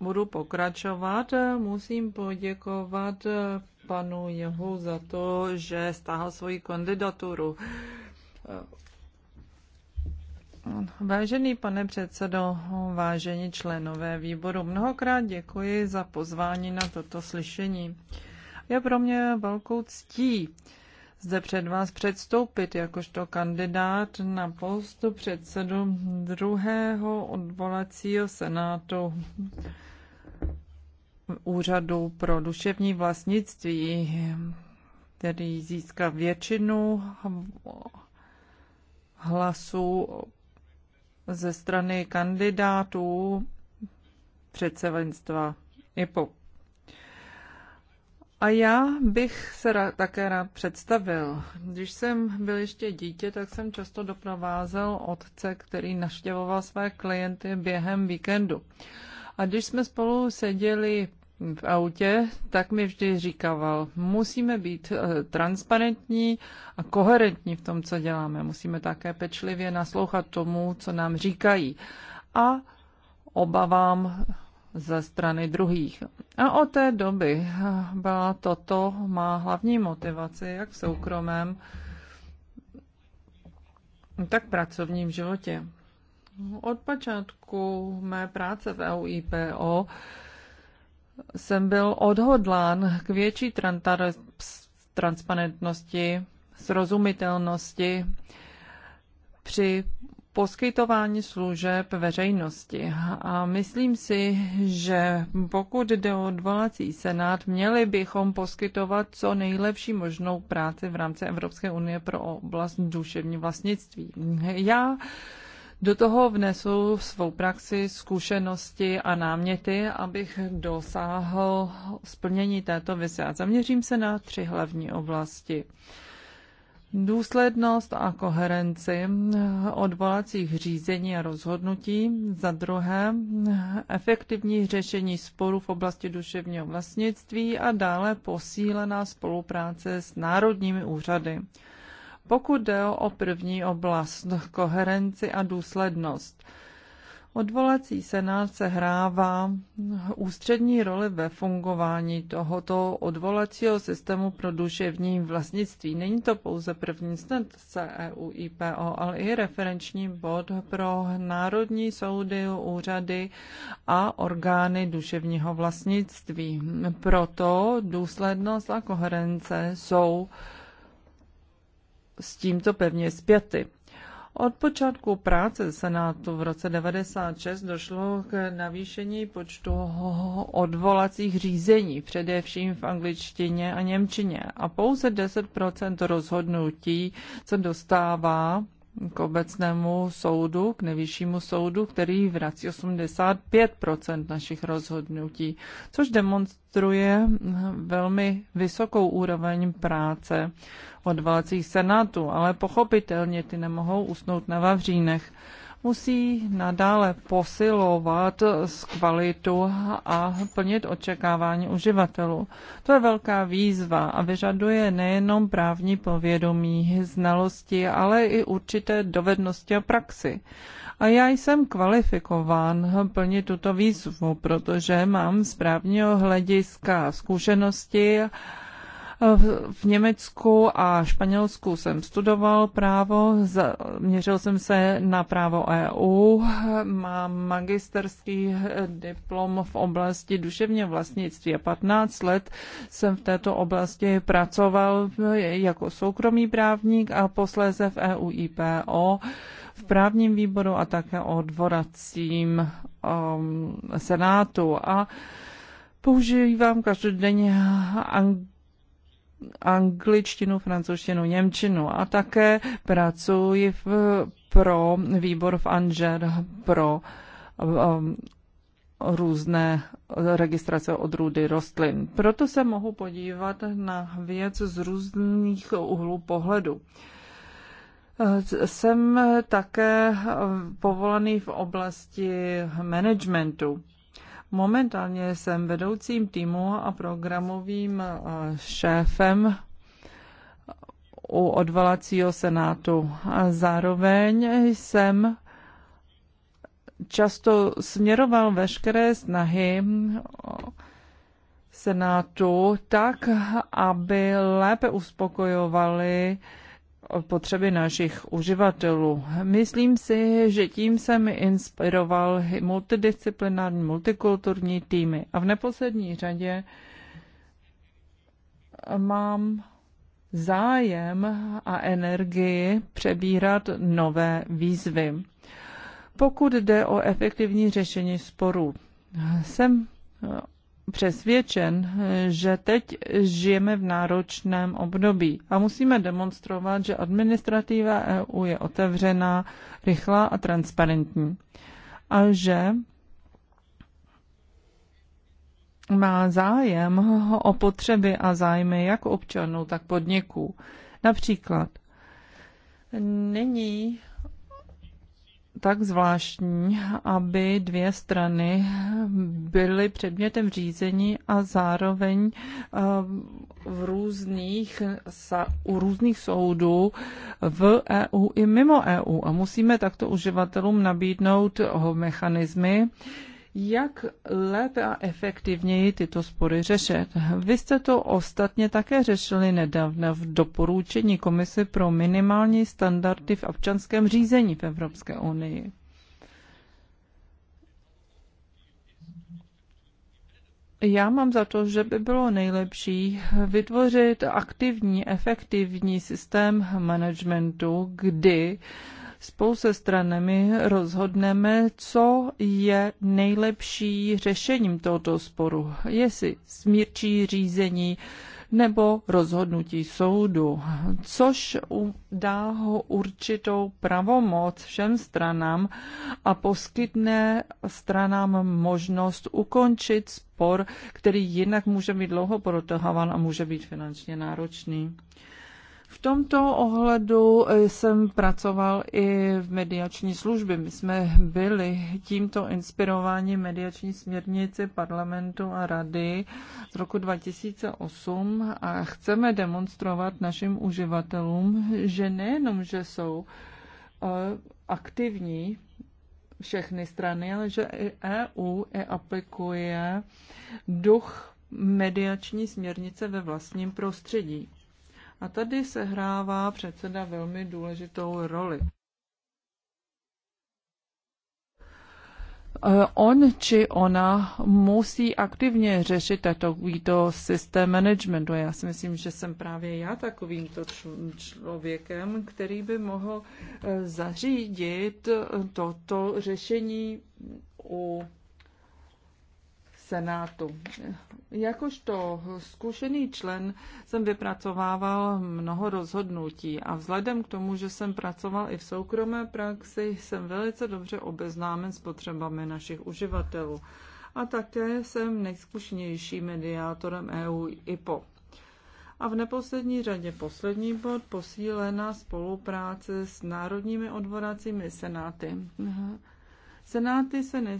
budu pokračovat, musím poděkovat panu Jehu za to, že stáhl svoji kandidaturu. Vážený pane předsedo, vážení členové výboru, mnohokrát děkuji za pozvání na toto slyšení. Je pro mě velkou ctí zde před vás předstoupit jakožto kandidát na postu předsedu druhého odvolacího senátu úřadu pro duševní vlastnictví, který získá většinu hlasů ze strany kandidátů předsevenstva IPO. A já bych se rá, také rád představil. Když jsem byl ještě dítě, tak jsem často doprovázel otce, který naštěvoval své klienty během víkendu. A když jsme spolu seděli v autě, tak mi vždy říkával, musíme být eh, transparentní a koherentní v tom, co děláme. Musíme také pečlivě naslouchat tomu, co nám říkají a obavám ze strany druhých. A od té doby eh, byla toto má hlavní motivace, jak v soukromém, tak v pracovním životě. Od počátku mé práce v EUIPO jsem byl odhodlán k větší transparentnosti, srozumitelnosti při poskytování služeb veřejnosti. A myslím si, že pokud jde o odvolací senát, měli bychom poskytovat co nejlepší možnou práci v rámci Evropské unie pro oblast duševní vlastnictví. Já do toho vnesu svou praxi, zkušenosti a náměty, abych dosáhl splnění této vize. A zaměřím se na tři hlavní oblasti. Důslednost a koherenci odvolacích řízení a rozhodnutí, za druhé efektivní řešení sporů v oblasti duševního vlastnictví a dále posílená spolupráce s národními úřady. Pokud jde o první oblast, koherenci a důslednost, Odvolací senát hrává ústřední roli ve fungování tohoto odvolacího systému pro duševní vlastnictví. Není to pouze první snadce EU IPO, ale i referenční bod pro národní soudy, úřady a orgány duševního vlastnictví. Proto důslednost a koherence jsou s tímto pevně zpěty. Od počátku práce Senátu v roce 1996 došlo k navýšení počtu odvolacích řízení, především v angličtině a němčině. A pouze 10 rozhodnutí se dostává k obecnému soudu, k nejvyššímu soudu, který vrací 85 našich rozhodnutí, což demonstruje velmi vysokou úroveň práce odvalcích senátů, ale pochopitelně ty nemohou usnout na Vavřínech musí nadále posilovat z kvalitu a plnit očekávání uživatelů. To je velká výzva a vyžaduje nejenom právní povědomí, znalosti, ale i určité dovednosti a praxi. A já jsem kvalifikován plnit tuto výzvu, protože mám z právního hlediska zkušenosti Eh, v Německu a Španělsku jsem studoval právo, měřil jsem se na právo EU, mám magisterský eh, diplom v oblasti duševně vlastnictví a 15 let jsem v této oblasti pracoval eh, jako soukromý právník a posléze v EU IPO v právním výboru a také o dvoracím um, ehm, senátu. A používám každodenně ang- angličtinu, francouzštinu, němčinu a také pracuji v, pro výbor v Anžer pro um, různé registrace odrůdy rostlin. Proto se mohu podívat na věc z různých úhlů pohledu. Jsem také povolený v oblasti managementu. Momentálně jsem vedoucím týmu a programovým eh, šéfem u odvolacího senátu. A zároveň jsem často směroval veškeré snahy senátu tak, aby lépe uspokojovali potřeby našich uživatelů. Myslím si, že tím jsem inspiroval multidisciplinární, multikulturní týmy. A v neposlední řadě mám zájem a energii přebírat nové výzvy. Pokud jde o efektivní řešení sporů, jsem přesvědčen, že teď žijeme v náročném období a musíme demonstrovat, že administrativa EU je otevřená, rychlá a transparentní a že má zájem o potřeby a zájmy jak občanů, tak podniků. Například Nyní tak zvláštní, aby dvě strany byly předmětem řízení a zároveň eh, v různých, u různých soudů v EU i mimo EU. A musíme takto uživatelům nabídnout mechanismy, jak lépe a efektivněji tyto spory řešit. Vy jste to ostatně také řešili nedávno v doporučení Komise pro minimální standardy v občanském řízení v Evropské unii. Já mám za to, že by bylo nejlepší vytvořit aktivní, efektivní systém managementu, kdy uh, spolu se stranami rozhodneme, co je nejlepší řešením tohoto sporu. Jestli smírčí řízení nebo rozhodnutí soudu, což dá ho určitou pravomoc všem stranám a poskytne stranám možnost ukončit spor, který jinak může být dlouho protahovan a může být finančně náročný. V tomto ohledu eh, jsem pracoval i v mediační službě. My jsme byli tímto inspirováni mediační směrnici parlamentu a rady z roku 2008 a chceme demonstrovat našim uživatelům, že nejenom, že jsou eh, aktivní všechny strany, ale že i EU i aplikuje duch mediační směrnice ve vlastním prostředí. A tady se hrává předseda velmi důležitou roli. E, on či ona musí aktivně řešit takovýto systém managementu. Já si myslím, že jsem právě já takovýmto člověkem, který by mohl e, zařídit e, toto řešení u Senátu. Jakožto zkušený člen jsem vypracovával mnoho rozhodnutí a vzhledem k tomu, že jsem pracoval i v soukromé praxi, jsem velice dobře obeznámen s potřebami našich uživatelů. A také jsem nejzkušnější mediátorem EU IPO. A v neposlední řadě poslední bod posílená spolupráce s národními odvoracími senáty. Senáty se ne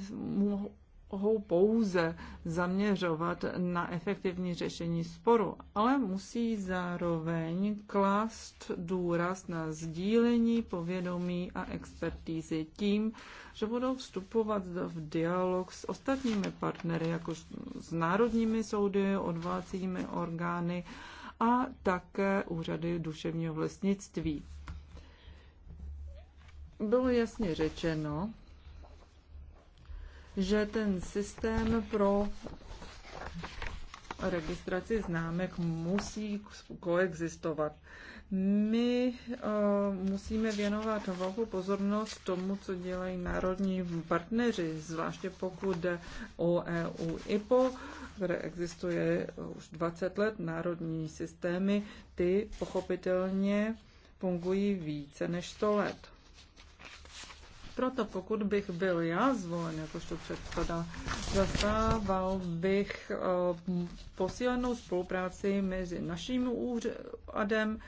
nemohou pouze zaměřovat na efektivní řešení sporu, ale musí zároveň klást důraz na sdílení povědomí a expertízy tím, že budou vstupovat v dialog s ostatními partnery, jako s národními soudy, odvolacími orgány a také úřady duševního vlastnictví. Bylo jasně řečeno, že ten systém pro registraci známek musí koexistovat. My uh, musíme věnovat velkou pozornost tomu, co dělají národní partneři, zvláště pokud jde o EU IPO, kde existuje už 20 let národní systémy, ty pochopitelně fungují více než 100 let. Proto pokud bych byl já zvolen jakožto předseda, zastával bych eh, posílenou spolupráci mezi naším úřadem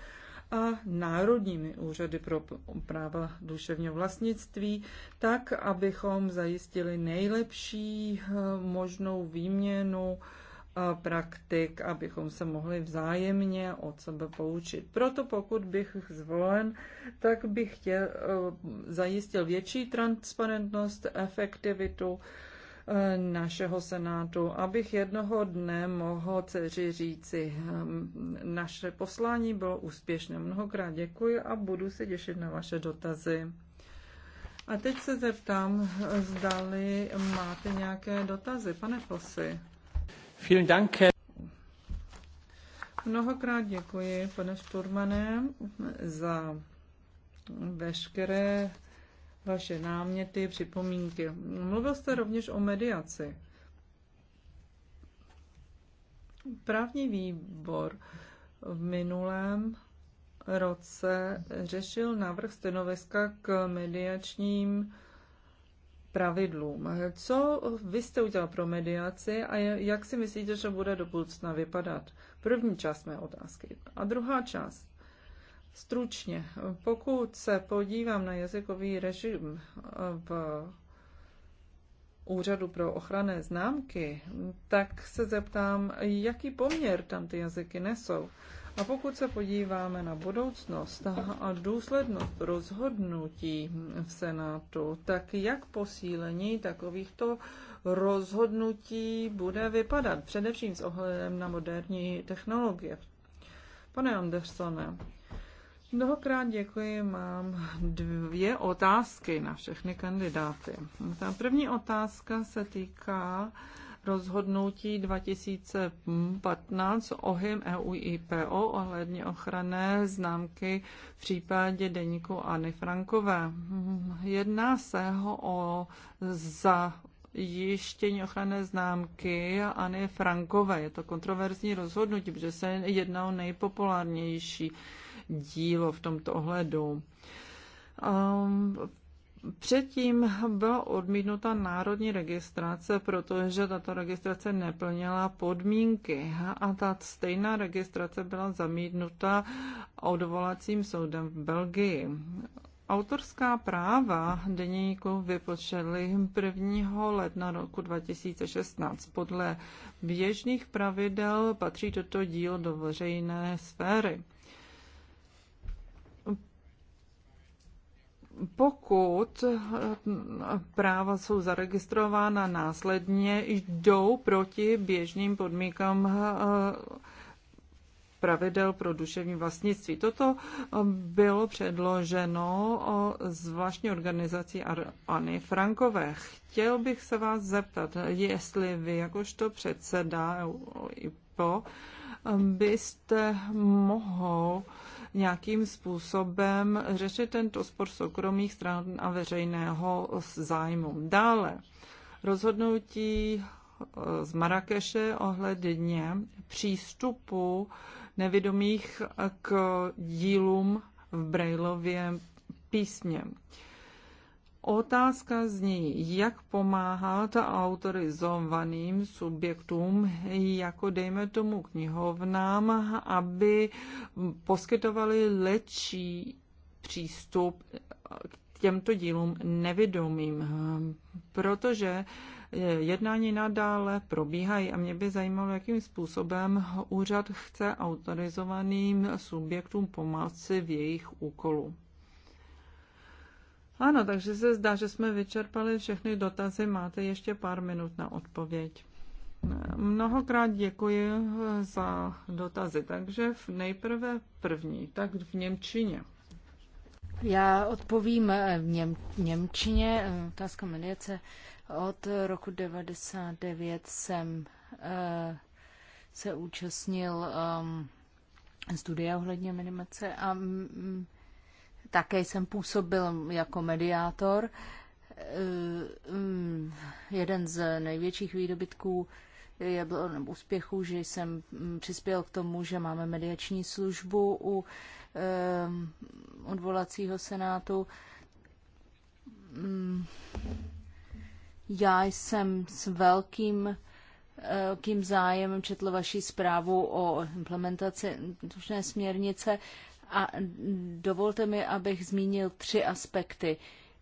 a národními úřady pro práva duševního vlastnictví, tak, abychom zajistili nejlepší eh, možnou výměnu praktik, abychom se mohli vzájemně od sebe poučit. Proto pokud bych zvolen, tak bych chtěl, eh, zajistil větší transparentnost, efektivitu eh, našeho senátu, abych jednoho dne mohl dceři říci, hm, naše poslání bylo úspěšné. Mnohokrát děkuji a budu se těšit na vaše dotazy. A teď se zeptám, zdali máte nějaké dotazy, pane Fosy. Vielen Dank. Mnohokrát děkuji, pane Šturmane, za veškeré vaše náměty, připomínky. Mluvil jste rovněž o mediaci. Právní výbor v minulém roce řešil návrh stanoviska k mediačním pravidlům. Co vy jste udělal pro mediaci a jak si myslíte, že bude do budoucna vypadat? První část mé otázky. A druhá část. Stručně, pokud se podívám na jazykový režim eh, v Úřadu pro ochranné známky, tak se zeptám, jaký poměr tam ty jazyky nesou. A pokud se podíváme na budoucnost a důslednost rozhodnutí v Senátu, tak jak posílení takovýchto rozhodnutí bude vypadat, především s ohledem na moderní technologie. Pane Andersone, Mnohokrát děkuji. Mám dvě otázky na všechny kandidáty. Ta první otázka se týká rozhodnutí 2015 OHIM EU IPO ohledně ochranné známky v případě deníku Anny Frankové. Jedná se ho o za jištění ochranné známky Anny Frankové. Je to kontroverzní rozhodnutí, protože se jedná o nejpopulárnější dílo v tomto ohledu. Um, Předtím byla odmítnuta národní registrace, protože tato registrace neplnila podmínky a ta stejná registrace byla zamítnuta odvolacím soudem v Belgii. Autorská práva deníku vypočetli 1. ledna roku 2016. Podle běžných pravidel patří toto dílo do veřejné sféry. pokud eh, práva jsou zaregistrována následně, jdou proti běžným podmínkám eh, pravidel pro duševní vlastnictví. Toto eh, bylo předloženo zvláštní organizací Anny Frankové. Chtěl bych se vás zeptat, jestli vy jakožto předseda e IPO byste mohl nějakým způsobem řešit tento spor soukromých stran a veřejného zájmu. Dále rozhodnutí eh, z Marrakeše ohledně přístupu nevědomých k dílům v Brailově písmě. Otázka zní, jak pomáhat autorizovaným subjektům, jako dejme tomu knihovnám, aby poskytovali lepší přístup k těmto dílům nevědomým, protože eh, jednání nadále probíhají a mě by zajímalo, jakým způsobem úřad chce autorizovaným subjektům pomoci v jejich úkolu. Ano, takže se zdá, že jsme vyčerpali všechny dotazy. Máte ještě pár minut na odpověď. Mnohokrát děkuji za dotazy. Takže nejprve první, tak v Němčině. Já odpovím eh, v Něm- Němčině. Eh, otázka mediace. Od roku 99 jsem eh, se účastnil um, studia ohledně minimace a také jsem působil jako mediátor. Eh, mm, jeden z největších výdobytků je bylo úspěchu, že jsem mm, přispěl k tomu, že máme mediační službu u eh, odvolacího senátu. Mm, já jsem s velkým eh, velkým zájemem četl vaši zprávu o implementaci tušné směrnice. A dovolte mi, abych zmínil tři aspekty.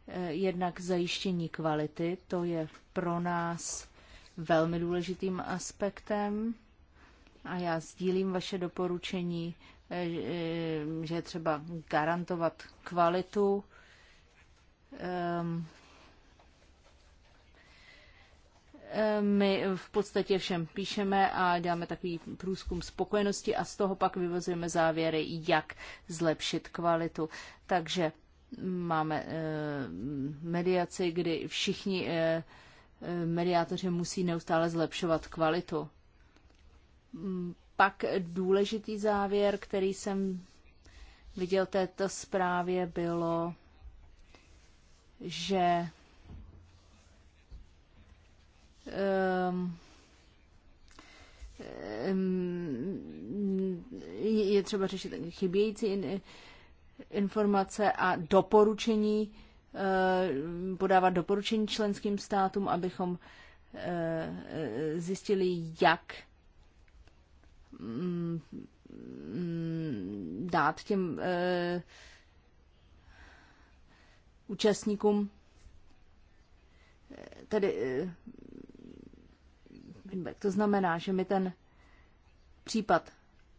Eh, jednak zajištění kvality, to je pro nás velmi důležitým aspektem a já sdílím vaše doporučení, eh, že je třeba garantovat kvalitu ehm, My v podstatě všem píšeme a děláme takový průzkum spokojenosti a z toho pak vyvozujeme závěry, jak zlepšit kvalitu. Takže máme eh, mediaci, kdy všichni eh, eh, mediátoři musí neustále zlepšovat kvalitu. Mm, pak důležitý závěr, který jsem viděl této zprávě, bylo, že Ehm, ehm, je třeba řešit chybějící informace a doporučení, ehm, podávat doporučení členským státům, abychom eh, zjistili, jak mm, mm, dát těm eh, účastníkům eh, tedy feedback. To znamená, že my ten případ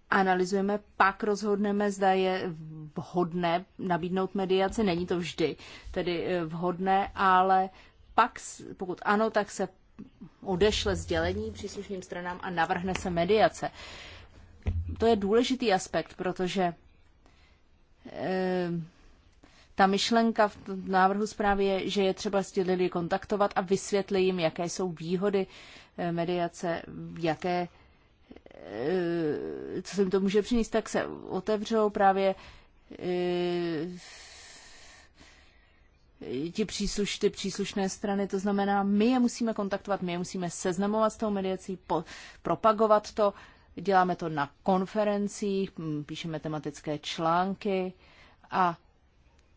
analyzujeme, pak rozhodneme, zda je vhodné nabídnout mediaci. Není to vždy tedy eh, vhodné, ale pak, pokud ano, tak se odešle sdělení příslušným stranám a navrhne se mediace. To je důležitý aspekt, protože eh, ta myšlenka v návrhu zprávy je, že je třeba s těmi kontaktovat a vysvětlit jim, jaké jsou výhody eh, mediace, jaké eh, co se jim to může přinést, tak se otevřou právě eh, ti přísluš, ty příslušné strany, to znamená, my je musíme kontaktovat, my je musíme seznamovat s tou mediací, po, propagovat to, děláme to na konferencích, píšeme tematické články a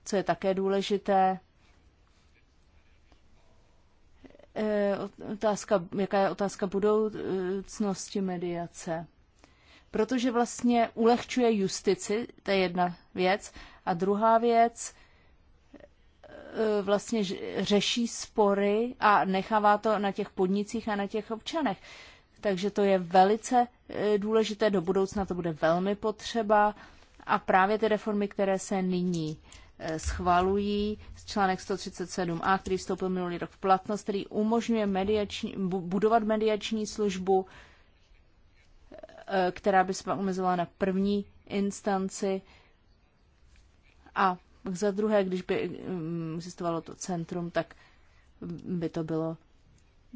co je také důležité. E, otázka, jaká je otázka budoucnosti mediace? Protože vlastně ulehčuje justici, to je jedna věc. A druhá věc, e, vlastně řeší spory a nechává to na těch podnicích a na těch občanech. Takže to je velice e, důležité, do budoucna to bude velmi potřeba a právě ty reformy, které se nyní Eh, schvalují článek 137a, který vstoupil minulý rok v platnost, který umožňuje mediační, budovat mediační službu, eh, která by se pak omezovala na první instanci. A za druhé, když by mm, existovalo to centrum, tak by to bylo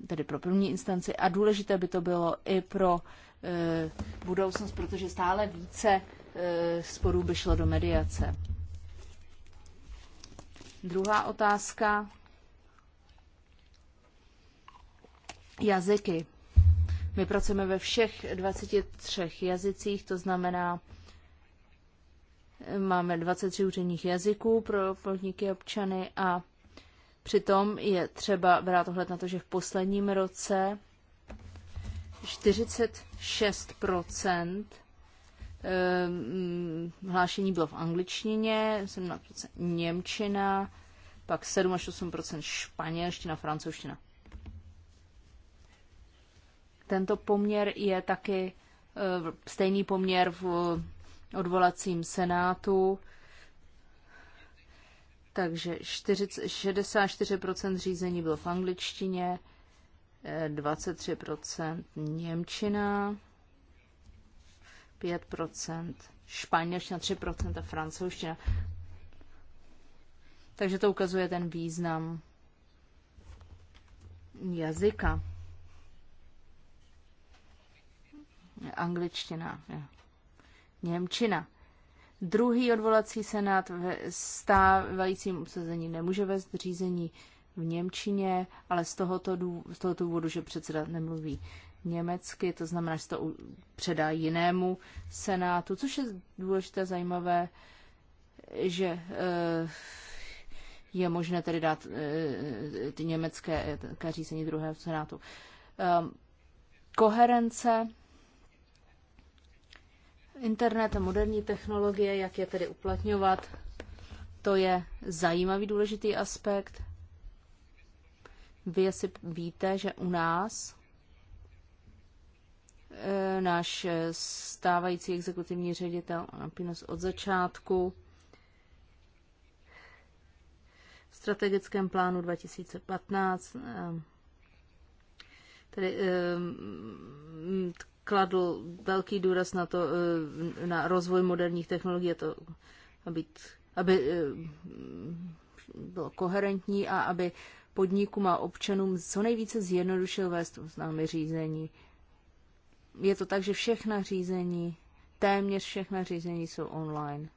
tedy pro první instanci a důležité by to bylo i pro e, budoucnost, protože stále více e, sporů by šlo do mediace. Druhá otázka. Jazyky. My pracujeme ve všech 23 jazycích, to znamená, máme 23 úředních jazyků pro podniky občany a přitom je třeba brát ohled na to, že v posledním roce 46 Ehm, mm, hlášení bylo v angličtině, 17% němčina, pak 7 až 8% španělština, francouzština. Tento poměr je taky eh, stejný poměr v odvolacím senátu, takže 40, 64% řízení bylo v angličtině, 23% eh, němčina, 5%, španělština 3% a francouzština. Takže to ukazuje ten význam jazyka. Angličtina, Němčina. Druhý odvolací senát ve stávajícím obsazení nemůže vést řízení v Němčině, ale z tohoto, důvodu, z tohoto důvodu, že předseda nemluví německy, to znamená, že to předá jinému senátu, což je důležité zajímavé, že eh, je možné tedy dát eh, ty německé eh, řízení druhého senátu. Ehm, koherence internet a moderní technologie, jak je tedy uplatňovat, to je zajímavý důležitý aspekt. Vy asi víte, že u nás Eh, náš eh, stávající exekutivní ředitel Anapinos od začátku v strategickém plánu 2015 eh, tedy kladl velký důraz na to, na rozvoj moderních technologií, to, aby, aby bylo koherentní a aby podnikům a občanům co nejvíce zjednodušil vést známy řízení je to tak, že všechna řízení, téměř všechna řízení jsou online.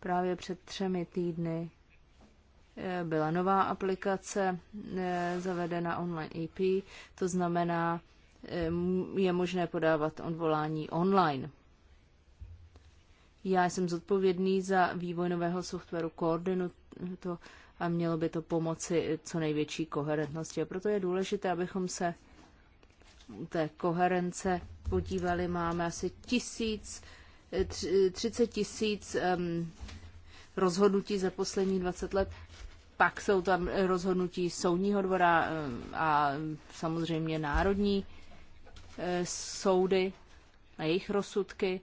Právě před třemi týdny eh, byla nová aplikace eh, zavedena online EP, to znamená, eh, je možné podávat odvolání online. Já jsem zodpovědný za vývoj nového softwaru, koordinu to a mělo by to pomoci co největší koherentnosti. A proto je důležité, abychom se té koherence podívali, máme asi tisíc, třicet tisíc um, rozhodnutí za poslední 20 let. Pak jsou tam rozhodnutí soudního dvora a samozřejmě národní eh, soudy a jejich rozsudky.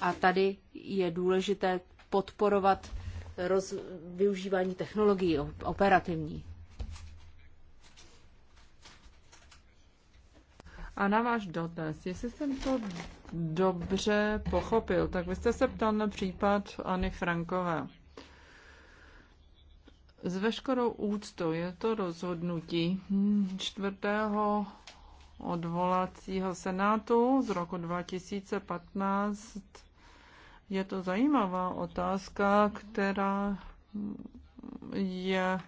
A tady je důležité podporovat roz, využívání technologií operativní. A na váš dotaz, jestli jsem to dobře pochopil, tak vy jste se ptal na případ Anny Frankové. S veškerou úctou je to rozhodnutí čtvrtého odvolacího senátu z roku 2015. Je to zajímavá otázka, která je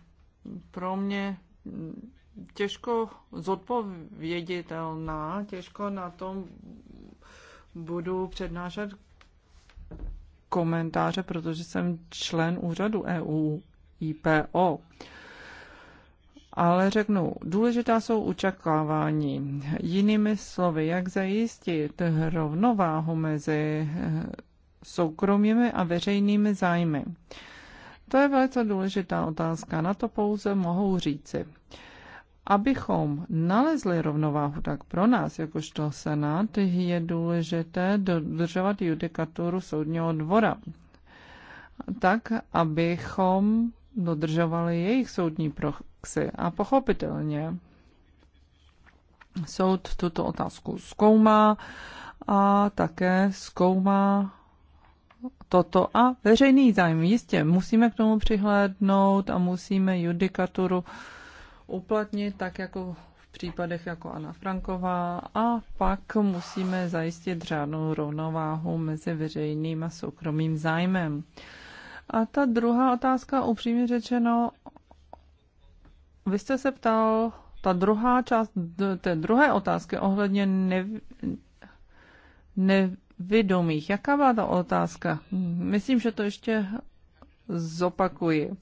pro mě těžko zodpověditelná, těžko na tom budu přednášet komentáře, protože jsem člen úřadu EU IPO. Ale řeknu, důležitá jsou očekávání. Jinými slovy, jak zajistit rovnováhu mezi eh, soukromými a veřejnými zájmy. To je velice důležitá otázka, na to pouze mohou říci. Abychom nalezli rovnováhu, tak pro nás, jakožto Senát, je důležité dodržovat judikaturu soudního dvora, tak, abychom dodržovali jejich soudní proxy. A pochopitelně soud tuto otázku zkoumá a také zkoumá toto a veřejný zájem. Jistě musíme k tomu přihlédnout a musíme judikaturu uh, uplatnit, tak jako v případech jako Anna Franková a pak musíme zajistit řádnou rovnováhu mezi veřejným a soukromým zájmem. A ta druhá otázka, upřímně řečeno, vy jste se ptal, ta druhá část té druhé otázky ohledně nev, nevědomých. Jaká byla ta otázka? Myslím, že to ještě zopakuji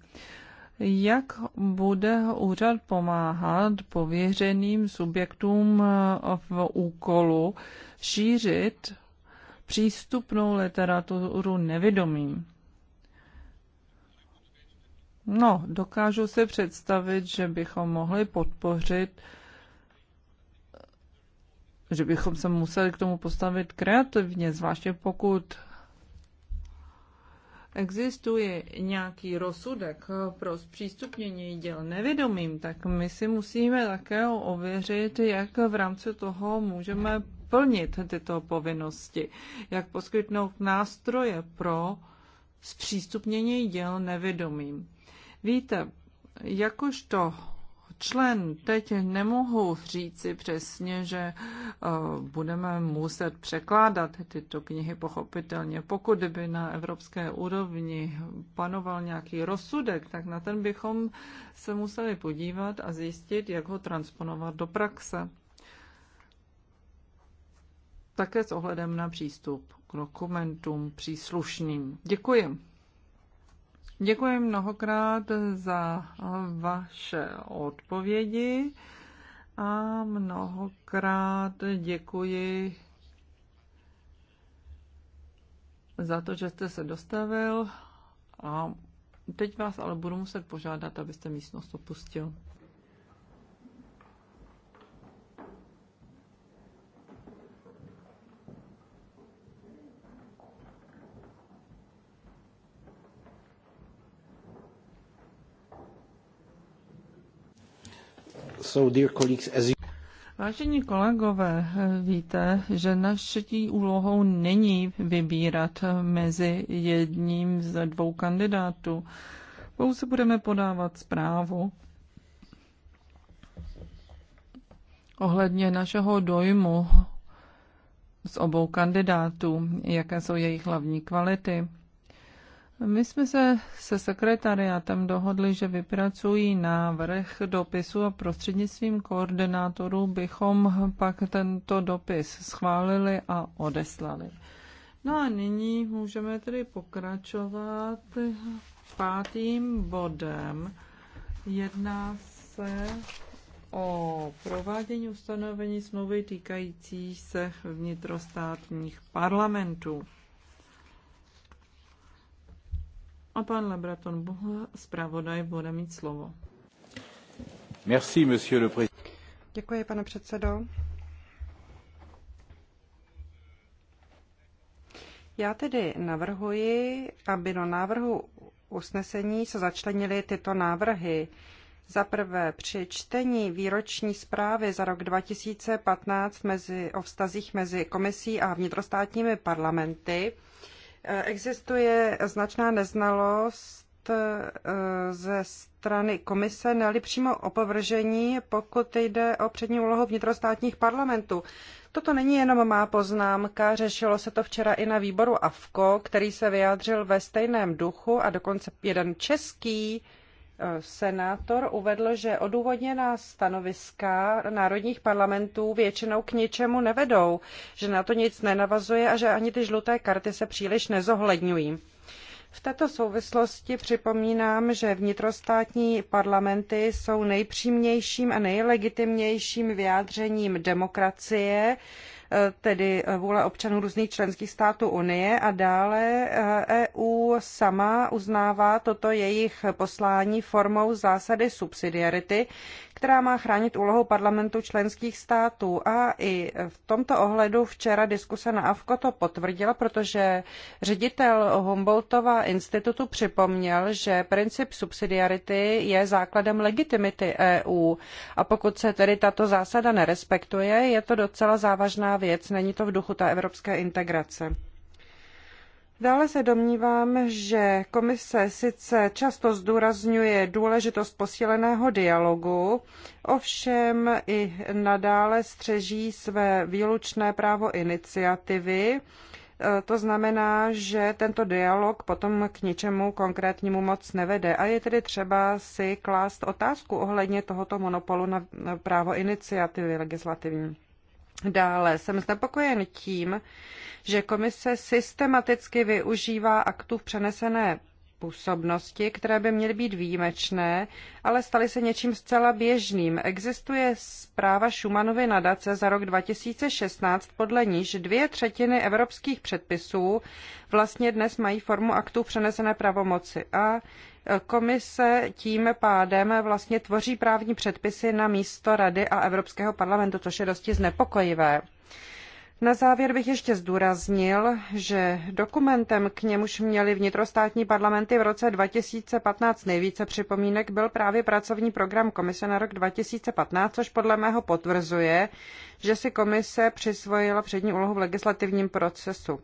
jak bude úřad pomáhat pověřeným subjektům eh, v úkolu šířit přístupnou literaturu nevědomým. No, dokážu si představit, že bychom mohli podpořit, že bychom se museli k tomu postavit kreativně, zvláště pokud existuje nějaký rozsudek pro zpřístupnění děl nevědomým, tak my si musíme také ověřit, jak v rámci toho můžeme plnit tyto povinnosti, jak poskytnout nástroje pro zpřístupnění děl nevědomým. Víte, jakožto člen. Teď nemohu říci přesně, že eh, budeme muset překládat tyto knihy pochopitelně. Pokud by na evropské úrovni panoval nějaký rozsudek, tak na ten bychom se museli podívat a zjistit, jak ho transponovat do praxe. Také s ohledem na přístup k dokumentům příslušným. Děkuji. Děkuji mnohokrát za vaše odpovědi a mnohokrát děkuji za to, že jste se dostavil a teď vás ale budu muset požádat, abyste místnost opustil. So, dear colleagues, as you... Vážení kolegové, víte, že naší úlohou není vybírat mezi jedním ze dvou kandidátů. Pouze budeme podávat zprávu ohledně našeho dojmu z obou kandidátů, jaké jsou jejich hlavní kvality. My jsme se se sekretariátem dohodli, že vypracují návrh dopisu a prostřednictvím koordinátorů bychom pak tento dopis schválili a odeslali. No a nyní můžeme tedy pokračovat pátým bodem. Jedná se o provádění ustanovení smlouvy týkající se vnitrostátních parlamentů. a pan Lebraton Boha, zpravodaj, bude mít slovo. Merci, monsieur le président. Děkuji, pane předsedo. Já tedy navrhuji, aby do návrhu usnesení se začlenily tyto návrhy. Za prvé, při čtení výroční zprávy za rok 2015 mezi, o vztazích mezi komisí a vnitrostátními parlamenty Existuje značná neznalost eh, ze strany komise, ne přímo opovržení, pokud jde o přední úlohu vnitrostátních parlamentů. Toto není jenom má poznámka, řešilo se to včera i na výboru AFKO, který se vyjádřil ve stejném duchu a dokonce jeden český senátor uvedl, že odůvodněná stanoviska národních parlamentů většinou k ničemu nevedou, že na to nic nenavazuje a že ani ty žluté karty se příliš nezohledňují. V této souvislosti připomínám, že vnitrostátní parlamenty jsou nejpřímějším a nejlegitimnějším vyjádřením demokracie, tedy vůle občanů různých členských států Unie a dále EU eh, e sama uznává toto jejich poslání formou zásady subsidiarity, která má chránit úlohu parlamentu členských států. A i v tomto ohledu včera diskuse na AFKO to potvrdila, protože ředitel Humboldtova institutu připomněl, že princip subsidiarity je základem legitimity EU. A pokud se tedy tato zásada nerespektuje, je to docela závažná věc, není to v duchu ta evropské integrace. Dále se domnívám, že komise sice často zdůrazňuje důležitost posíleného dialogu, ovšem i nadále střeží své výlučné právo iniciativy. E, to znamená, že tento dialog potom k ničemu konkrétnímu moc nevede a je tedy třeba si klást otázku ohledně tohoto monopolu na právo iniciativy legislativní. Dále jsem znepokojen tím, že komise systematicky využívá aktů v přenesené působnosti, které by měly být výjimečné, ale staly se něčím zcela běžným. Existuje zpráva Šumanovy nadace za rok 2016, podle níž dvě třetiny evropských předpisů vlastně dnes mají formu aktů přenesené pravomoci a Komise tím pádem vlastně tvoří právní předpisy na místo Rady a Evropského parlamentu, což je dosti znepokojivé. Na závěr bych ještě zdůraznil, že dokumentem, k němuž měly vnitrostátní parlamenty v roce 2015 nejvíce připomínek, byl právě pracovní program Komise na rok 2015, což podle mého potvrzuje, že si Komise přisvojila přední úlohu v legislativním procesu.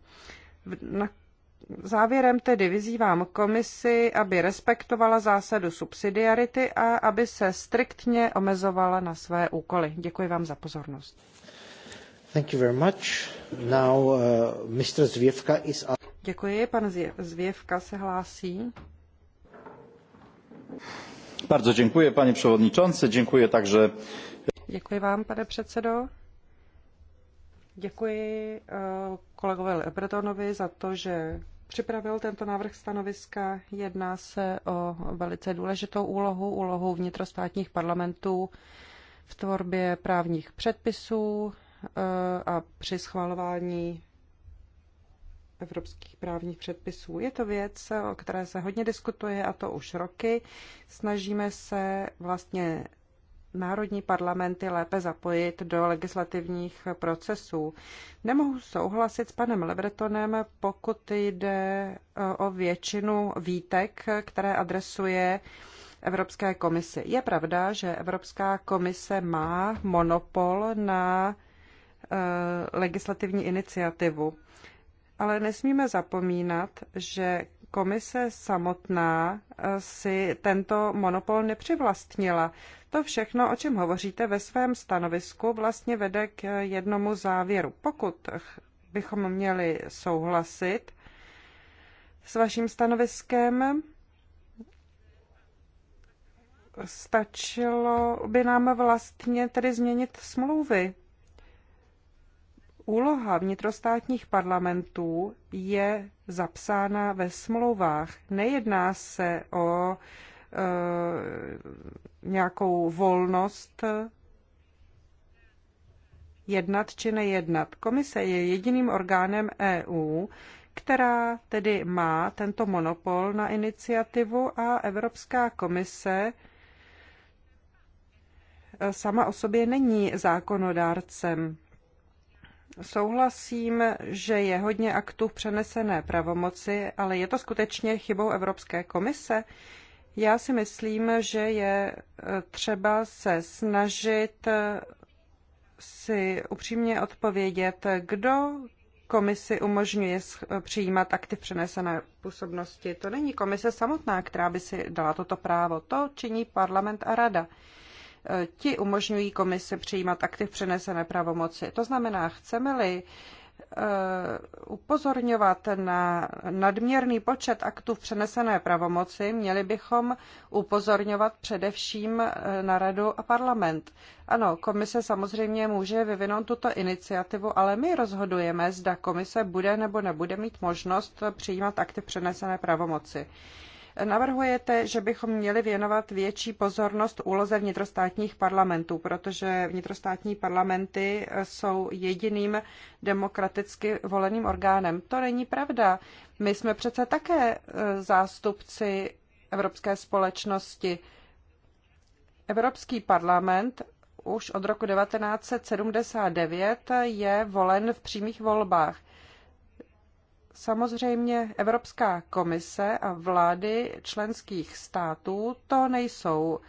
Závěrem tedy vyzývám komisi, aby respektovala zásadu subsidiarity a aby se striktně omezovala na své úkoly. Děkuji vám za pozornost. Thank you very much. Now, uh, Mr. Zvěvka is... Děkuji, pan Zvěvka se hlásí. Bardzo dziękuję, panie przewodniczący. Dziękuję także... Děkuji vám, pane předsedo. Děkuji uh, kolegovi Lebretonovi za to, že připravil tento návrh stanoviska. Jedná se o velice důležitou úlohu, úlohu vnitrostátních parlamentů v tvorbě právních předpisů eh, a při schvalování evropských právních předpisů. Je to věc, o které se hodně diskutuje a to už roky. Snažíme se vlastně národní parlamenty lépe zapojit do legislativních procesů. Nemohu souhlasit s panem Lebretonem, pokud jde eh, o většinu výtek, které adresuje Evropské komisi. Je pravda, že Evropská komise má monopol na eh, legislativní iniciativu. Ale nesmíme zapomínat, že komise samotná eh, si tento monopol nepřivlastnila. To všechno, o čem hovoříte ve svém stanovisku, vlastně vede k eh, jednomu závěru. Pokud bychom měli souhlasit s vaším stanoviskem, stačilo by nám vlastně tedy změnit smlouvy Úloha vnitrostátních parlamentů je zapsána ve smlouvách. Nejedná se o e, nějakou volnost jednat či nejednat. Komise je jediným orgánem EU, která tedy má tento monopol na iniciativu a Evropská komise e, sama o sobě není zákonodárcem. Souhlasím, že je hodně aktů v přenesené pravomoci, ale je to skutečně chybou Evropské komise? Já si myslím, že je eh, třeba se snažit eh, si upřímně odpovědět, kdo komisi umožňuje eh, přijímat akty přenesené působnosti. To není komise samotná, která by si dala toto právo. To činí parlament a rada ti umožňují komisi přijímat aktiv přenesené pravomoci. To znamená, chceme-li eh, upozorňovat na nadměrný počet aktů v přenesené pravomoci, měli bychom upozorňovat především eh, na radu a parlament. Ano, komise samozřejmě může vyvinout tuto iniciativu, ale my rozhodujeme, zda komise bude nebo nebude mít možnost přijímat akty v přenesené pravomoci. Navrhujete, že bychom měli věnovat větší pozornost úloze vnitrostátních parlamentů, protože vnitrostátní parlamenty jsou jediným demokraticky voleným orgánem. To není pravda. My jsme přece také e, zástupci evropské společnosti. Evropský parlament už od roku 1979 je volen v přímých volbách. Samozřejmě Evropská komise a vlády členských států to nejsou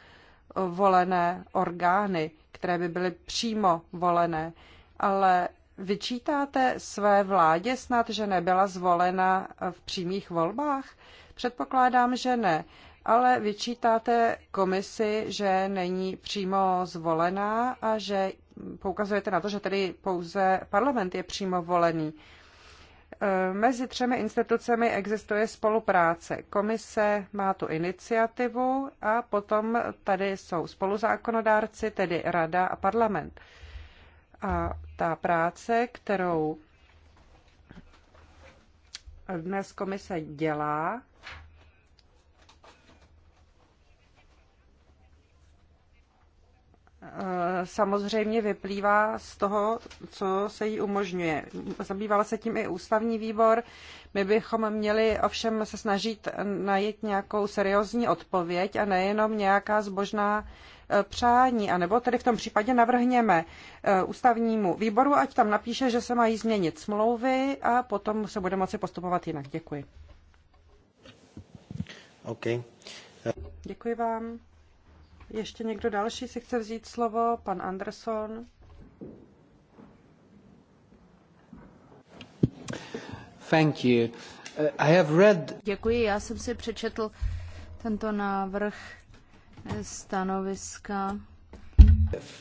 volené orgány, které by byly přímo volené, ale vyčítáte své vládě snad, že nebyla zvolena v přímých volbách? Předpokládám, že ne, ale vyčítáte komisi, že není přímo zvolená a že poukazujete na to, že tedy pouze parlament je přímo volený. Eh, mezi třemi institucemi existuje spolupráce. Komise má tu iniciativu a potom tady jsou spoluzákonodárci, tedy Rada a parlament. A ta práce, kterou dnes komise dělá, Eh, samozřejmě vyplývá z toho, co se jí umožňuje. Zabýval se tím i ústavní výbor. My bychom měli ovšem se snažit najít nějakou seriózní odpověď a nejenom nějaká zbožná eh, přání, anebo tedy v tom případě navrhněme eh, ústavnímu výboru, ať tam napíše, že se mají změnit smlouvy a potom se bude moci postupovat jinak. Děkuji. Okay. Děkuji vám. Ještě někdo další si chce vzít slovo? Pan Anderson. Thank you. Uh, I have read... Děkuji, já jsem si přečetl tento návrh stanoviska.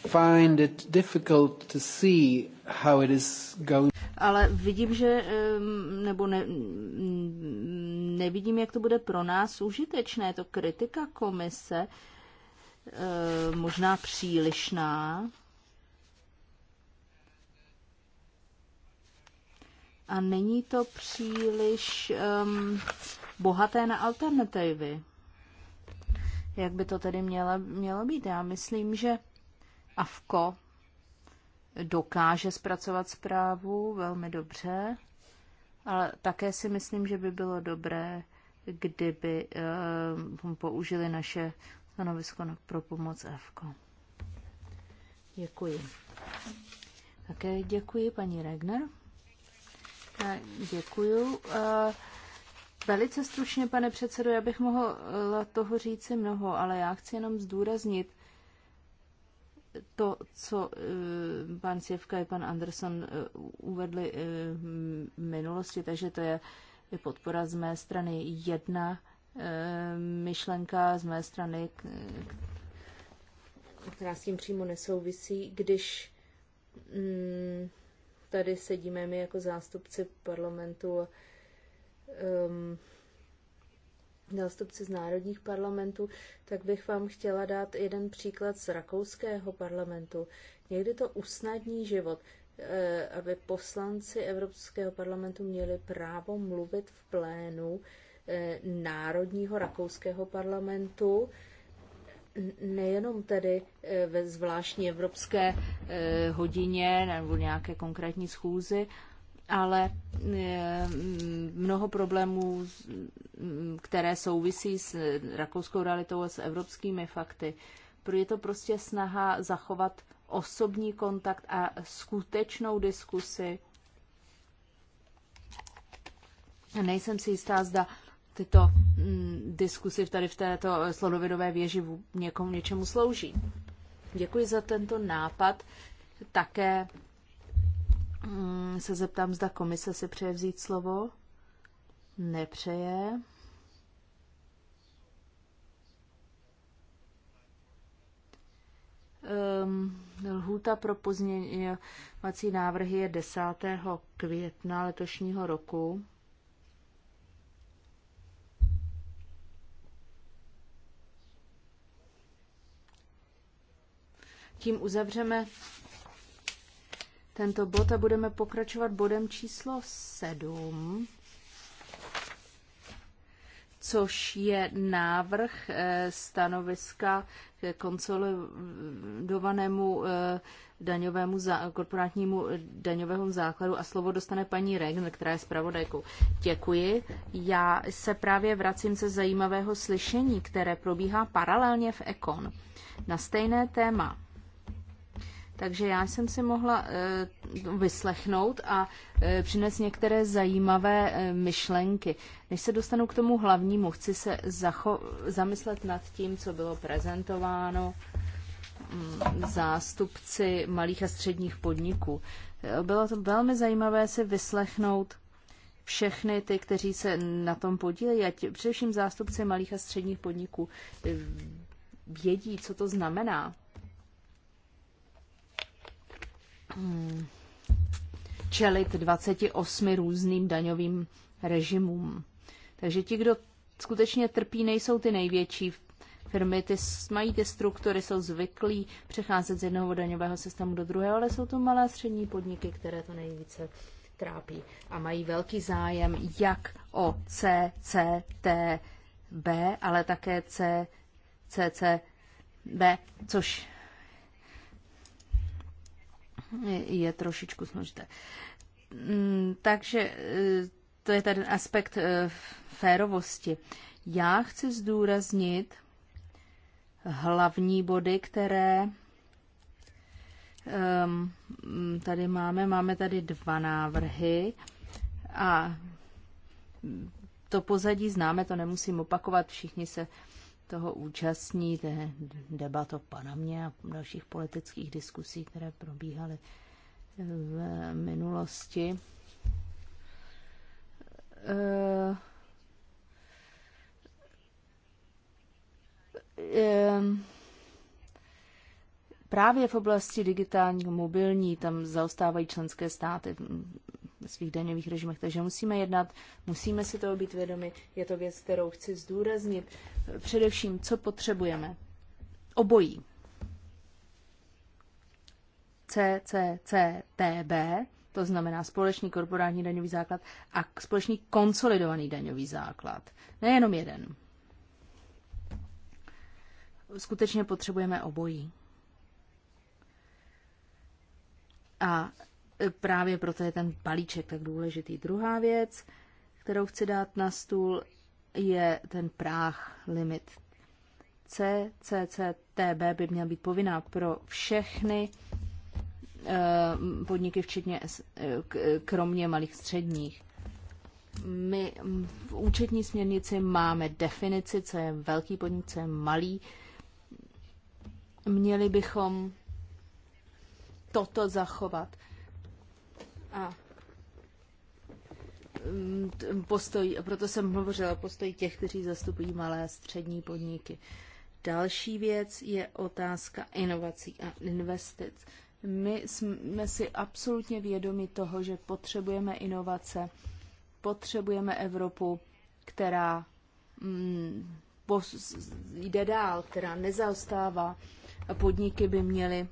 Find it difficult to see how it is going. Ale vidím, že um, nebo ne, mm, nevidím, jak to bude pro nás užitečné. To kritika komise Eh, možná přílišná. A není to příliš um, bohaté na alternativy. Jak by to tedy mělo, mělo být? Já myslím, že AFKO dokáže zpracovat zprávu velmi dobře, ale také si myslím, že by bylo dobré, kdyby um, použili naše stanovisko pro pomoc F. Děkuji. Také děkuji, paní Regner. Děkuji. Velice stručně, pane předsedo, já bych mohla toho říci mnoho, ale já chci jenom zdůraznit to, co e, pan Sjevka i pan Anderson e, uvedli e, v minulosti, takže to je podpora z mé strany jedna Eh, myšlenka z mé strany, která s tím přímo nesouvisí, když mm, tady sedíme my jako zástupci parlamentu a ehm, zástupci z národních parlamentů, tak bych vám chtěla dát jeden příklad z rakouského parlamentu. Někdy to usnadní život, eh, aby poslanci Evropského parlamentu měli právo mluvit v plénu Eh, Národního rakouského parlamentu, nejenom tedy eh, ve zvláštní evropské eh, hodině nebo nějaké konkrétní schůzi, ale mnoho problémů, mm, které souvisí s rakouskou realitou a s evropskými fakty. Je to prostě snaha zachovat osobní kontakt a skutečnou diskusi. Nejsem si jistá, zda tyto mm, diskusy tady v této eh, slonovinové věži někom něčemu slouží. Děkuji za tento nápad. Také mm, se zeptám, zda komise si přeje vzít slovo. Nepřeje. Um, lhůta pro pozměňovací návrhy je 10. května letošního roku. tím uzavřeme tento bod a budeme pokračovat bodem číslo 7, což je návrh eh, stanoviska k konsolidovanému eh, daňovému zá, korporátnímu daňovému základu a slovo dostane paní Regn, která je zpravodajkou. Děkuji. Já se právě vracím ze zajímavého slyšení, které probíhá paralelně v Ekon na stejné téma. Takže já jsem si mohla eh, vyslechnout a eh, přines některé zajímavé eh, myšlenky. Než se dostanu k tomu hlavnímu, chci se zamyslet nad tím, co bylo prezentováno mm, zástupci malých a středních podniků. Bylo to velmi zajímavé si vyslechnout všechny ty, kteří se na tom podílejí, a především zástupci malých a středních podniků vědí, co to znamená čelit 28 různým daňovým režimům. Takže ti, kdo skutečně trpí, nejsou ty největší firmy, ty mají ty struktury, jsou zvyklí přecházet z jednoho daňového systému do druhého, ale jsou to malé střední podniky, které to nejvíce trápí a mají velký zájem jak o CCTB, ale také CCCB, což je trošičku složité. Mm, takže e, to je ten aspekt e, férovosti. Já chci zdůraznit hlavní body, které tady máme. Máme tady dva návrhy a to pozadí známe, to nemusím opakovat, všichni se toho účastní té debat o Panamě a dalších politických diskusí, které probíhaly eh, v minulosti. Eh, eh, právě v oblasti digitální mobilní tam zaostávají členské státy svých daňových režimech. Takže musíme jednat, musíme si toho být vědomi. Je to věc, kterou chci zdůraznit. Především, co potřebujeme? Obojí. CCCTB, to znamená společný korporátní daňový základ a společný konsolidovaný daňový základ. Nejenom jeden. Skutečně potřebujeme obojí. A právě proto je ten balíček tak důležitý. Druhá věc, kterou chci dát na stůl, je ten práh limit. CCCTB by měl být povinná pro všechny eh, podniky, včetně eh, kromě malých středních. My v účetní směrnici máme definici, co je velký podnik, co je malý. Měli bychom toto zachovat. A mm, postoj, proto jsem hovořila o postoji těch, kteří zastupují malé a střední podniky. Další věc je otázka inovací a investic. My jsme si absolutně vědomi toho, že potřebujeme inovace, potřebujeme Evropu, která mm, jde dál, která nezaostává a podniky by měly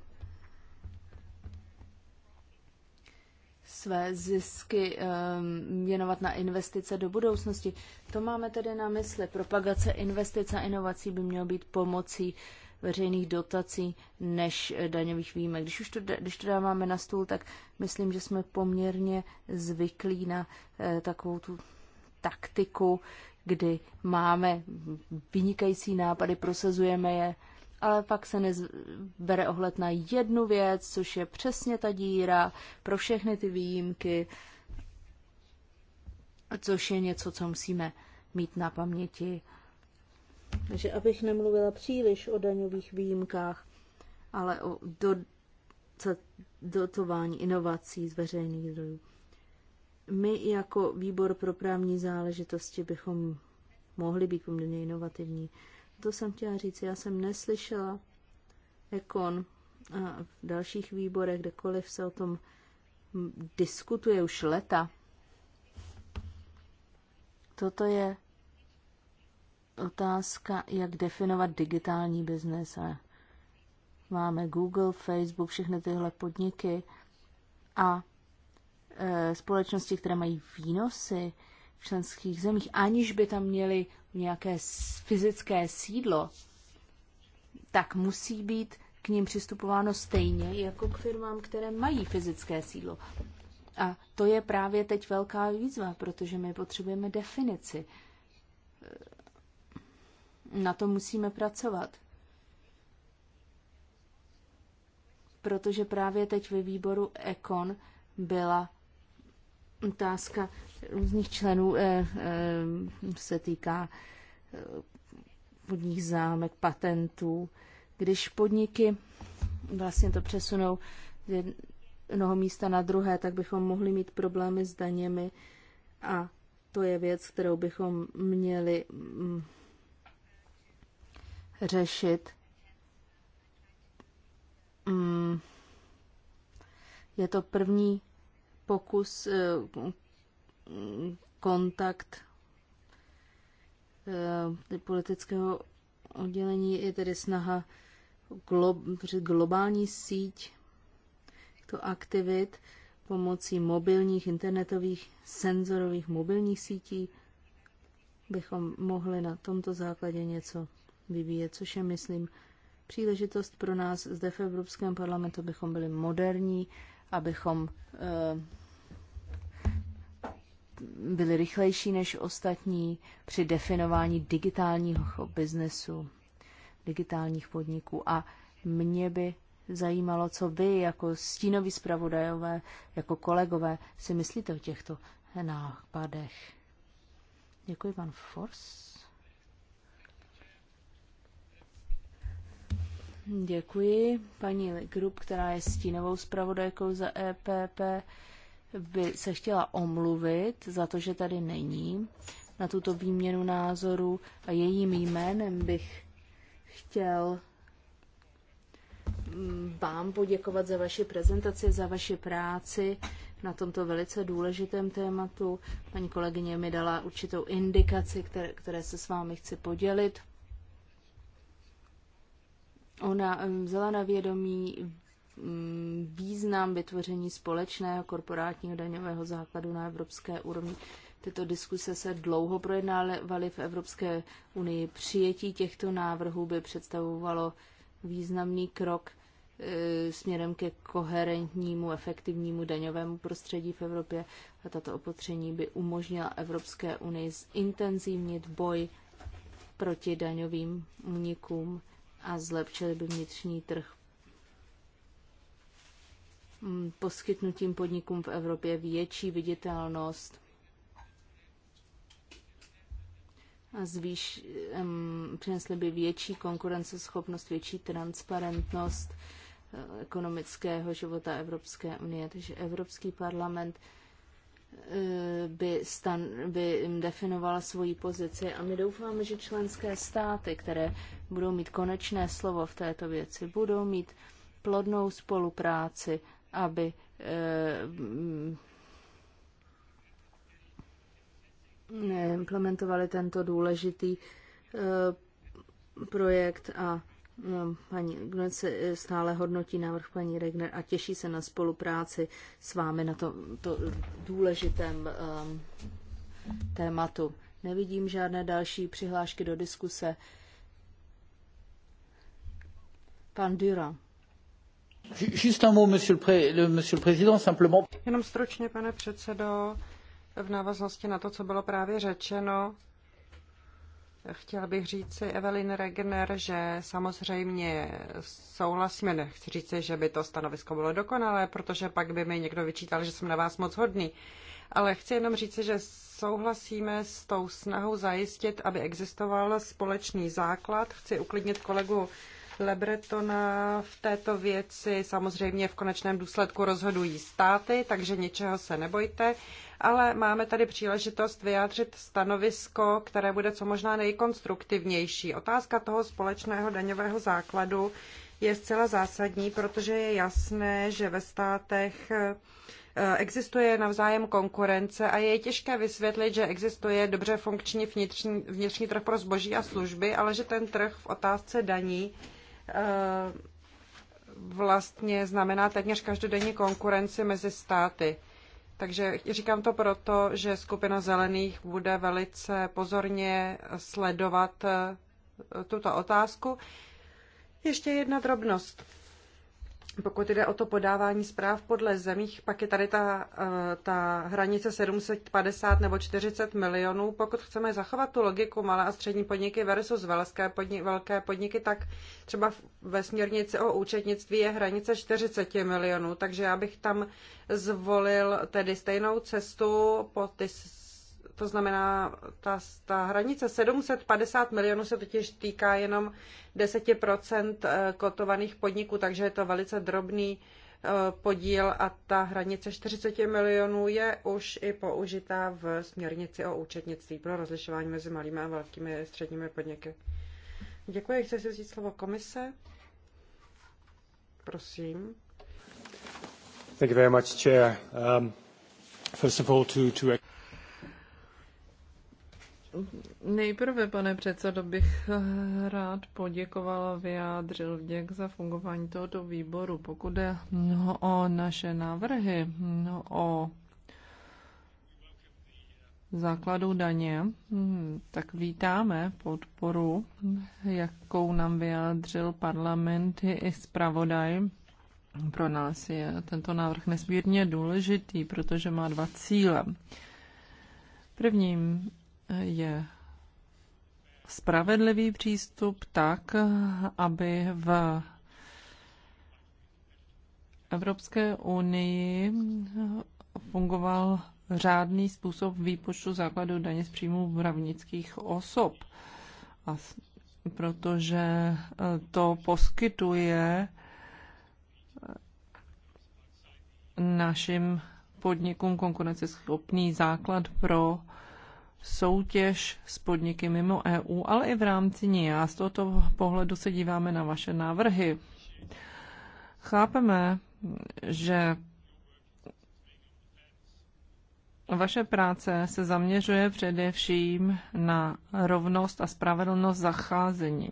své zisky ehm, věnovat na investice do budoucnosti. To máme tedy na mysli. Propagace investice a inovací by mělo být pomocí veřejných dotací než eh, daňových výjimek. Když, už to, když to dáváme na stůl, tak myslím, že jsme poměrně zvyklí na eh, takovou tu taktiku, kdy máme vynikající nápady, prosazujeme je, ale pak se nebere ohled na jednu věc, což je přesně ta díra pro všechny ty výjimky, což je něco, co musíme mít na paměti. Takže abych nemluvila příliš o daňových výjimkách, ale o do, dotování inovací z veřejných zdrojů. My jako výbor pro právní záležitosti bychom mohli být poměrně inovativní. To jsem chtěla říct. Já jsem neslyšela ekon a v dalších výborech, kdekoliv se o tom diskutuje už leta. Toto je otázka, jak definovat digitální biznes. Máme Google, Facebook, všechny tyhle podniky a e, společnosti, které mají výnosy v členských zemích, aniž by tam měli nějaké fyzické sídlo, tak musí být k ním přistupováno stejně jako k firmám, které mají fyzické sídlo. A to je právě teď velká výzva, protože my potřebujeme definici. Na to musíme pracovat. Protože právě teď ve výboru Ekon byla otázka různých členů eh, eh, se týká eh, podních zámek, patentů. Když podniky vlastně to přesunou z jednoho místa na druhé, tak bychom mohli mít problémy s daněmi a to je věc, kterou bychom měli mm, řešit. Mm, je to první pokus kontakt eh, politického oddělení je tedy snaha glo, globální síť to aktivit pomocí mobilních, internetových, senzorových mobilních sítí bychom mohli na tomto základě něco vyvíjet, což je, myslím, příležitost pro nás zde v Evropském parlamentu, bychom byli moderní, abychom eh, byli rychlejší než ostatní při definování digitálního biznesu, digitálních podniků. A mě by zajímalo, co vy jako stínoví zpravodajové, jako kolegové si myslíte o těchto nápadech. Děkuji, pan Fors. Děkuji paní Grup, která je stínovou zpravodajkou za EPP by se chtěla omluvit za to, že tady není na tuto výměnu názoru a jejím jménem bych chtěl mm, vám poděkovat za vaši prezentaci, za vaši práci na tomto velice důležitém tématu. Paní kolegyně mi dala určitou indikaci, které, které se s vámi chci podělit. Ona mm, vzala na vědomí Mm, význam vytvoření společného korporátního daňového základu na evropské úrovni. Tyto diskuse se dlouho projednávaly v Evropské unii. Přijetí těchto návrhů by představovalo významný krok e, směrem ke koherentnímu, efektivnímu daňovému prostředí v Evropě a tato opatření by umožnila Evropské unii zintenzivnit boj proti daňovým únikům a zlepšili by vnitřní trh Mm, poskytnutím podnikům v Evropě větší viditelnost a zvýš, um, přinesly by větší konkurenceschopnost, větší transparentnost eh, ekonomického života Evropské unie. Takže Evropský parlament eh, by, stan, by definoval svoji pozici a my doufáme, že členské státy, které budou mít konečné slovo v této věci, budou mít plodnou spolupráci aby eh, implementovali tento důležitý eh, projekt a eh, paní Gnec stále hodnotí návrh paní Regner a těší se na spolupráci s vámi na to, to důležitém um, tématu. Nevidím žádné další přihlášky do diskuse. Pan Dura. Jenom stručně, pane předsedo, v návaznosti na to, co bylo právě řečeno, Chtěla bych říci Evelyn Regner, že samozřejmě souhlasíme, nechci říci, že by to stanovisko bylo dokonalé, protože pak by mi někdo vyčítal, že jsem na vás moc hodný. Ale chci jenom říci, že souhlasíme s tou snahou zajistit, aby existoval společný základ. Chci uklidnit kolegu Lebretona v této věci. Samozřejmě v konečném důsledku rozhodují státy, takže ničeho se nebojte. Ale máme tady příležitost vyjádřit stanovisko, které bude co možná nejkonstruktivnější. Otázka toho společného daňového základu je zcela zásadní, protože je jasné, že ve státech eh, existuje navzájem konkurence a je těžké vysvětlit, že existuje dobře funkční vnitřní, vnitřní trh pro zboží a služby, ale že ten trh v otázce daní Eh, vlastně znamená téměř každodenní konkurenci mezi státy. Takže říkám to proto, že skupina zelených bude velice pozorně sledovat eh, tuto otázku. Ještě jedna drobnost pokud jde o to podávání zpráv podle zemích, pak je tady ta, eh, ta hranice 750 nebo 40 milionů. Pokud chceme zachovat tu logiku malé a střední podniky versus velké, podniky, velké podniky, tak třeba ve směrnici o účetnictví je hranice 40 milionů. Takže já bych tam zvolil tedy stejnou cestu po ty to znamená, ta, ta hranice 750 milionů se totiž týká jenom 10% eh, kotovaných podniků, takže je to velice drobný eh, podíl a ta hranice 40 milionů je už i použitá v směrnici o účetnictví pro rozlišování mezi malými a velkými středními podniky. Děkuji, chci si vzít slovo komise. Prosím. Thank you very much, Chair. Um, first of all, to, to... Nejprve, pane předsedo, bych rád poděkoval a vyjádřil vděk za fungování tohoto výboru. Pokud je o naše návrhy, o základu daně, tak vítáme podporu, jakou nám vyjádřil parlament i zpravodaj. Pro nás je tento návrh nesmírně důležitý, protože má dva cíle. Prvním je spravedlivý přístup tak, aby v Evropské unii fungoval řádný způsob výpočtu základu daně z příjmu právnických osob. A protože e, to poskytuje e, našim podnikům konkurenceschopný základ pro soutěž s podniky mimo EU, ale i v rámci ní. A z tohoto pohledu se díváme na vaše návrhy. Chápeme, že vaše práce se zaměřuje především na rovnost a spravedlnost zacházení.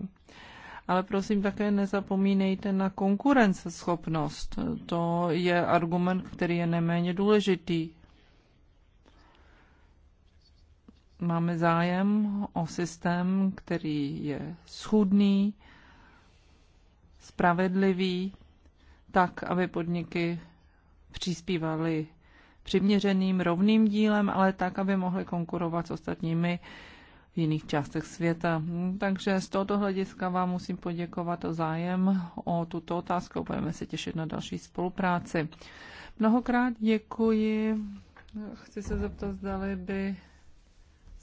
Ale prosím také nezapomínejte na konkurenceschopnost. To je argument, který je neméně důležitý Máme zájem o systém, který je schudný, spravedlivý, tak, aby podniky přispívaly přiměřeným rovným dílem, ale tak, aby mohly konkurovat s ostatními v jiných částech světa. Hm, takže z tohoto hlediska vám musím poděkovat o zájem o tuto otázku. Budeme se těšit na další spolupráci. Mnohokrát děkuji. Chci se zeptat, zdali by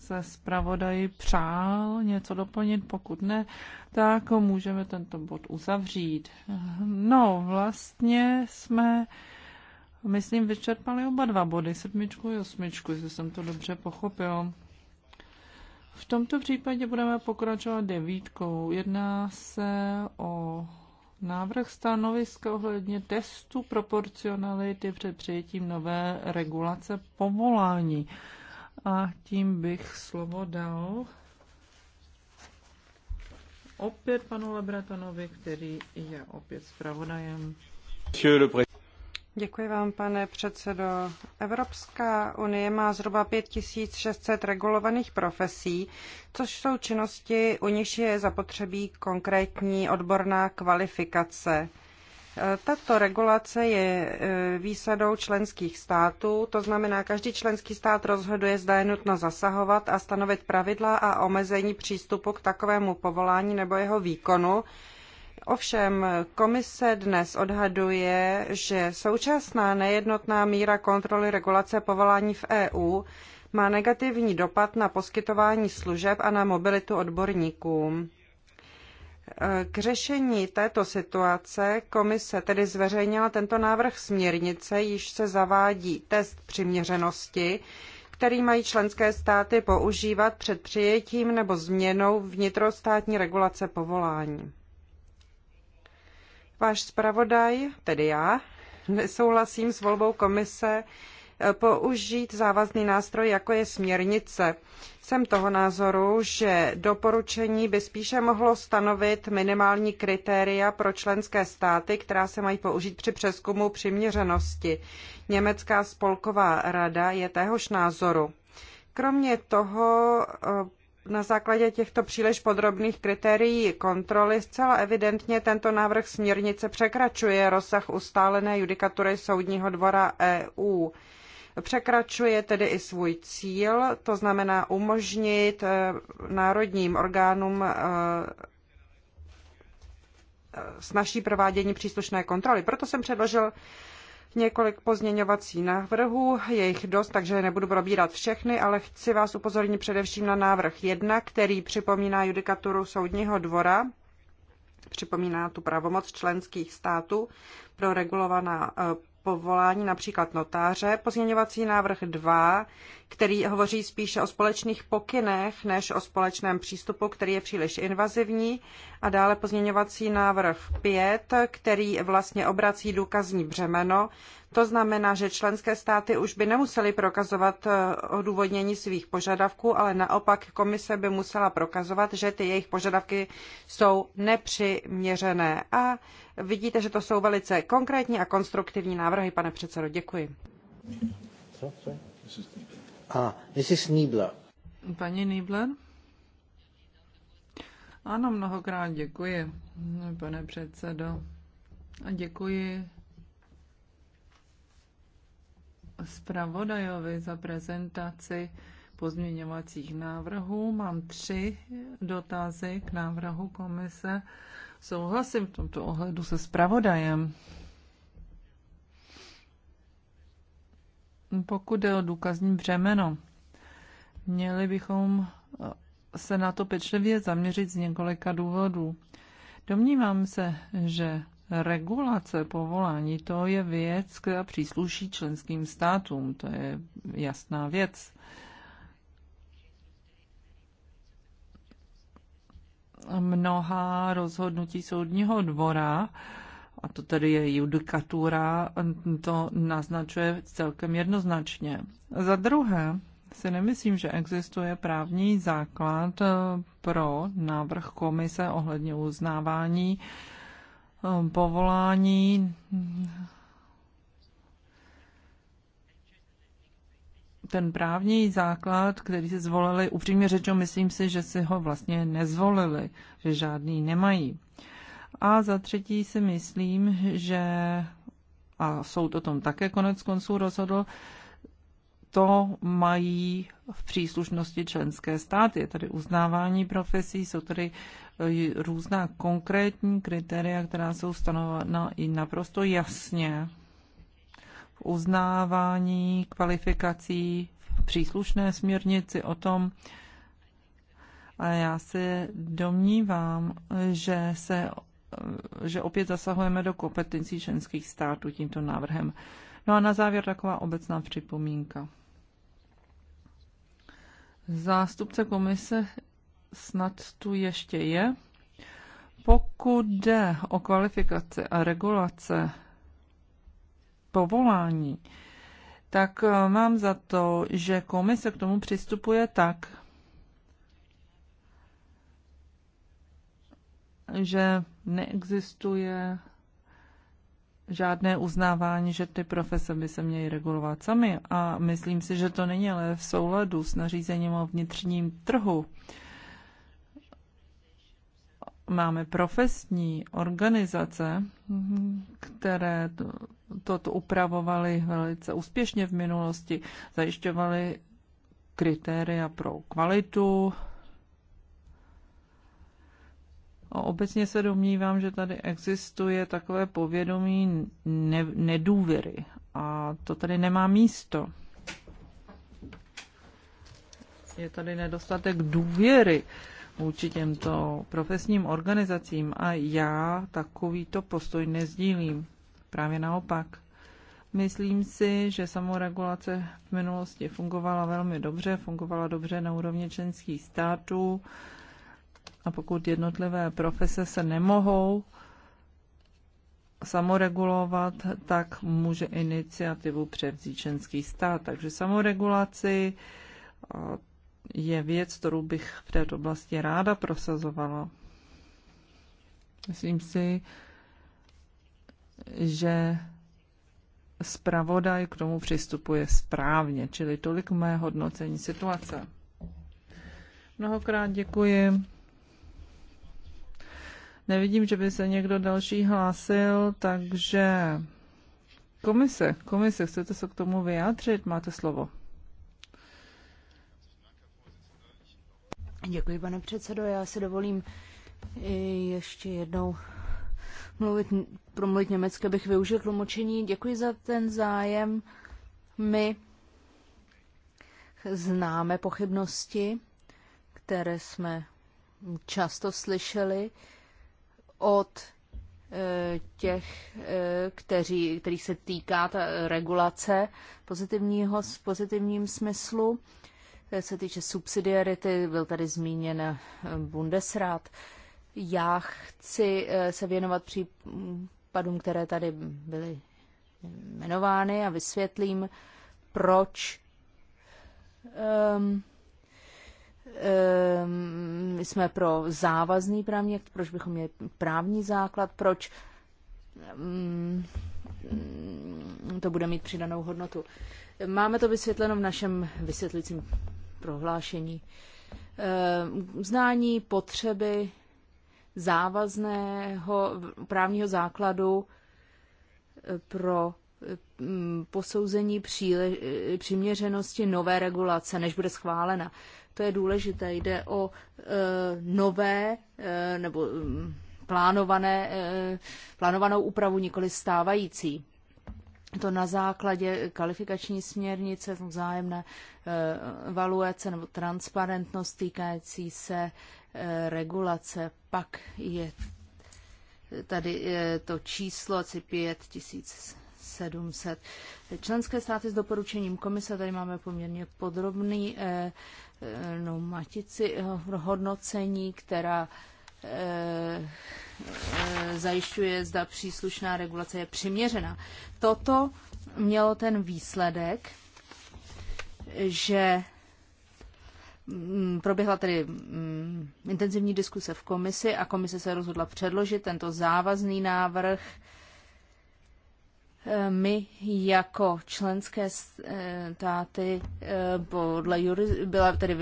se zpravodaji přál něco doplnit, pokud ne, tak můžeme tento bod uzavřít. No, vlastně jsme, myslím, vyčerpali oba dva body, sedmičku i osmičku, jestli jsem to dobře pochopil. V tomto případě budeme pokračovat devítkou. Jedná se o návrh stanoviska ohledně testu proporcionality před přijetím nové regulace povolání a tím bych slovo dal opět panu Labratanovi, který je opět zpravodajem. Děkuji vám, pane předsedo. Evropská unie má zhruba 5600 regulovaných profesí, což jsou činnosti, u nich je zapotřebí konkrétní odborná kvalifikace. Tato regulace je e, výsadou členských států, to znamená, každý členský stát rozhoduje, zda je nutno zasahovat a stanovit pravidla a omezení přístupu k takovému povolání nebo jeho výkonu. Ovšem komise dnes odhaduje, že současná nejednotná míra kontroly regulace povolání v EU má negativní dopad na poskytování služeb a na mobilitu odborníků. K řešení této situace komise tedy zveřejnila tento návrh směrnice, již se zavádí test přiměřenosti, který mají členské státy používat před přijetím nebo změnou vnitrostátní regulace povolání. Váš zpravodaj, tedy já, nesouhlasím s volbou komise Eh, použít závazný nástroj, jako je směrnice. Jsem toho názoru, že doporučení by spíše mohlo stanovit minimální kritéria pro členské státy, která se mají použít při přeskumu přiměřenosti. Německá spolková rada je téhož názoru. Kromě toho eh, na základě těchto příliš podrobných kritérií kontroly zcela evidentně tento návrh směrnice překračuje rozsah ustálené judikatury Soudního dvora EU překračuje tedy i svůj cíl, to znamená umožnit eh, národním orgánům eh, eh, snaží provádění příslušné kontroly. Proto jsem předložil několik pozměňovacích návrhů, je jich dost, takže nebudu probírat všechny, ale chci vás upozornit především na návrh 1, který připomíná judikaturu Soudního dvora, připomíná tu pravomoc členských států pro regulovaná povolání například notáře. Pozměňovací návrh 2, který hovoří spíše o společných pokynech než o společném přístupu, který je příliš invazivní. A dále pozměňovací návrh 5, který vlastně obrací důkazní břemeno to znamená, že členské státy už by nemusely prokazovat eh, odůvodnění svých požadavků, ale naopak komise by musela prokazovat, že ty jejich požadavky jsou nepřiměřené. A vidíte, že to jsou velice konkrétní a konstruktivní návrhy, pane předsedo. Děkuji. Co? Co? A, Mrs. Niebler. Paní Niebler? Ano, mnohokrát děkuji, pane předsedo. A děkuji zpravodajovi za prezentaci pozměňovacích návrhů. Mám tři dotazy k návrhu komise. Souhlasím v tomto ohledu se zpravodajem. Pokud jde o důkazní břemeno, měli bychom eh, se na to pečlivě zaměřit z několika důvodů. Domnívám se, že regulace povolání, to je věc, která přísluší členským státům. To je jasná věc. Mnoha rozhodnutí soudního dvora, a to tedy je judikatura, to naznačuje celkem jednoznačně. Za druhé, si nemyslím, že existuje právní základ eh, pro návrh komise ohledně uznávání uh, Eh, povolání ten právní základ, který si zvolili, upřímně řečeno, myslím si, že si ho vlastně nezvolili, že žádný nemají. A za třetí si myslím, že, a soud o tom také konec konců rozhodl, to mají v příslušnosti členské státy. Je tady uznávání profesí, jsou tady různá konkrétní kritéria, která jsou stanovena i naprosto jasně v uznávání kvalifikací v příslušné směrnici o tom, a já se domnívám, že se že opět zasahujeme do kompetencí ženských států tímto návrhem. No a na závěr taková obecná připomínka. Zástupce komise snad tu ještě je. Pokud jde o kvalifikaci a regulace povolání, tak eh, mám za to, že komise k tomu přistupuje tak, že neexistuje žádné uznávání, že ty profese by se měly regulovat sami. A myslím si, že to není ale v souladu s nařízením o vnitřním trhu. Uh, máme profesní organizace, které toto upravovaly velice úspěšně v minulosti, zajišťovaly kritéria pro kvalitu. A obecně se domnívám, že tady existuje takové povědomí ne- nedůvěry a to tady nemá místo. Je tady nedostatek důvěry uh, vůči těmto profesním organizacím a já takovýto postoj nezdílím. Právě naopak. Myslím si, že samoregulace v minulosti fungovala velmi dobře, fungovala dobře na úrovni členských států a pokud jednotlivé profese se nemohou samoregulovat, tak může iniciativu převzít členský stát. Takže samoregulaci je věc, kterou bych v této oblasti ráda prosazovala. Myslím si, že zpravodaj k tomu přistupuje správně, čili tolik mé hodnocení situace. Mnohokrát děkuji. Nevidím, že by se někdo další hlásil, takže komise, komise, chcete se k tomu vyjádřit? Máte slovo. Děkuji, pane předsedo. Já si dovolím eh, ještě jednou mluvit, promluvit německy, abych využil tlumočení. Děkuji za ten zájem. My známe pochybnosti, které jsme často slyšeli od eh, těch, eh, kteří, kterých se týká ta regulace pozitivního, v pozitivním smyslu. Eh, se týče subsidiarity, byl tady zmíněn eh, Bundesrat. Já chci eh, se věnovat případům, které tady byly jmenovány a vysvětlím, proč um, um, jsme pro závazný právní akt, proč bychom měli právní základ, proč um, to bude mít přidanou hodnotu. Máme to vysvětleno v našem vysvětlujícím prohlášení. Eh, uznání potřeby závazného právního základu eh, pro eh, posouzení příle, přiměřenosti nové regulace, než bude schválena. To je důležité. Jde o e, nové e, nebo mm, plánované, e, plánovanou úpravu, nikoli stávající to na základě kvalifikační směrnice, vzájemné eh, valuace nebo transparentnost týkající se eh, regulace. Pak je tady je eh, to číslo asi 5700. Členské státy s doporučením komise, tady máme poměrně podrobný no, matici hodnocení, která Eh, zajišťuje, zda příslušná regulace je přiměřená. Toto mělo ten výsledek, že mm, proběhla tedy mm, intenzivní diskuse v komisi a komise se rozhodla předložit tento závazný návrh my jako členské státy eh, podle byla tedy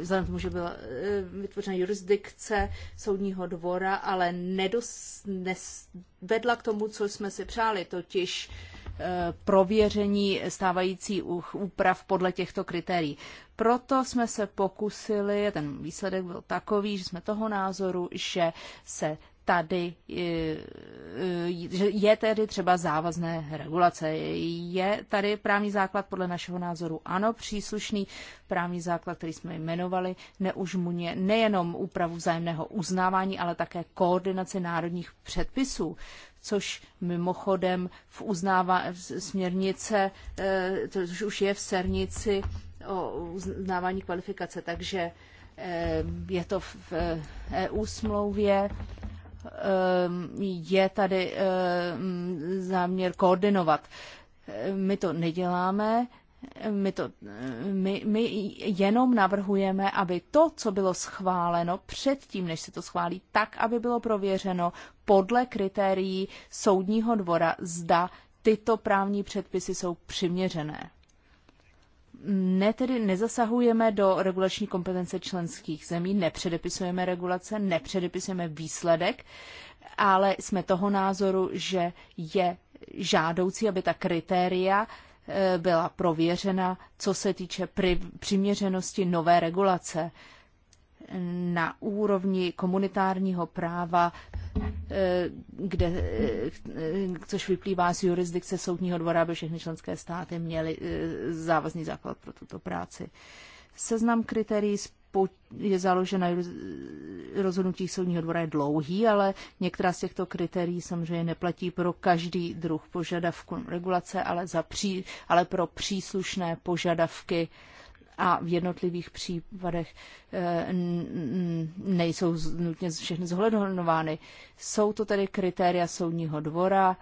vzhledem k tomu, že byla eh, vytvořena jurisdikce soudního dvora, ale nedos, nes, vedla k tomu, co jsme si přáli, totiž eh, prověření stávající úprav podle těchto kritérií. Proto jsme se pokusili, ten výsledek byl takový, že jsme toho názoru, že se tady e, e, je tedy třeba závazné regulace. Je tady právní základ podle našeho názoru ano, příslušný právní základ, který jsme jmenovali, neužmuně nejenom úpravu vzájemného uznávání, ale také koordinaci národních předpisů což mimochodem v uznává v směrnice, e, což už je v sernici o uznávání kvalifikace, takže je to v EU smlouvě, Eh, je tady eh, záměr koordinovat. Eh, my to neděláme, my, to, my, my jenom navrhujeme, aby to, co bylo schváleno předtím, než se to schválí, tak, aby bylo prověřeno podle kritérií soudního dvora, zda tyto právní předpisy jsou přiměřené ne tedy nezasahujeme do regulační kompetence členských zemí, nepředepisujeme regulace, nepředepisujeme výsledek, ale jsme toho názoru, že je žádoucí, aby ta kritéria e, byla prověřena, co se týče přiměřenosti nové regulace na úrovni komunitárního práva, eh, kde, eh, což vyplývá z jurisdikce Soudního dvora, aby všechny členské státy měly eh, závazný základ pro tuto práci. Seznam kritérií je založen na rozhodnutí soudního dvora je dlouhý, ale některá z těchto kritérií samozřejmě neplatí pro každý druh požadavku regulace, ale, za pří, ale pro příslušné požadavky eh, a v jednotlivých případech eh, nejsou nutně všechny zohlednovány. Jsou to tedy kritéria soudního dvora,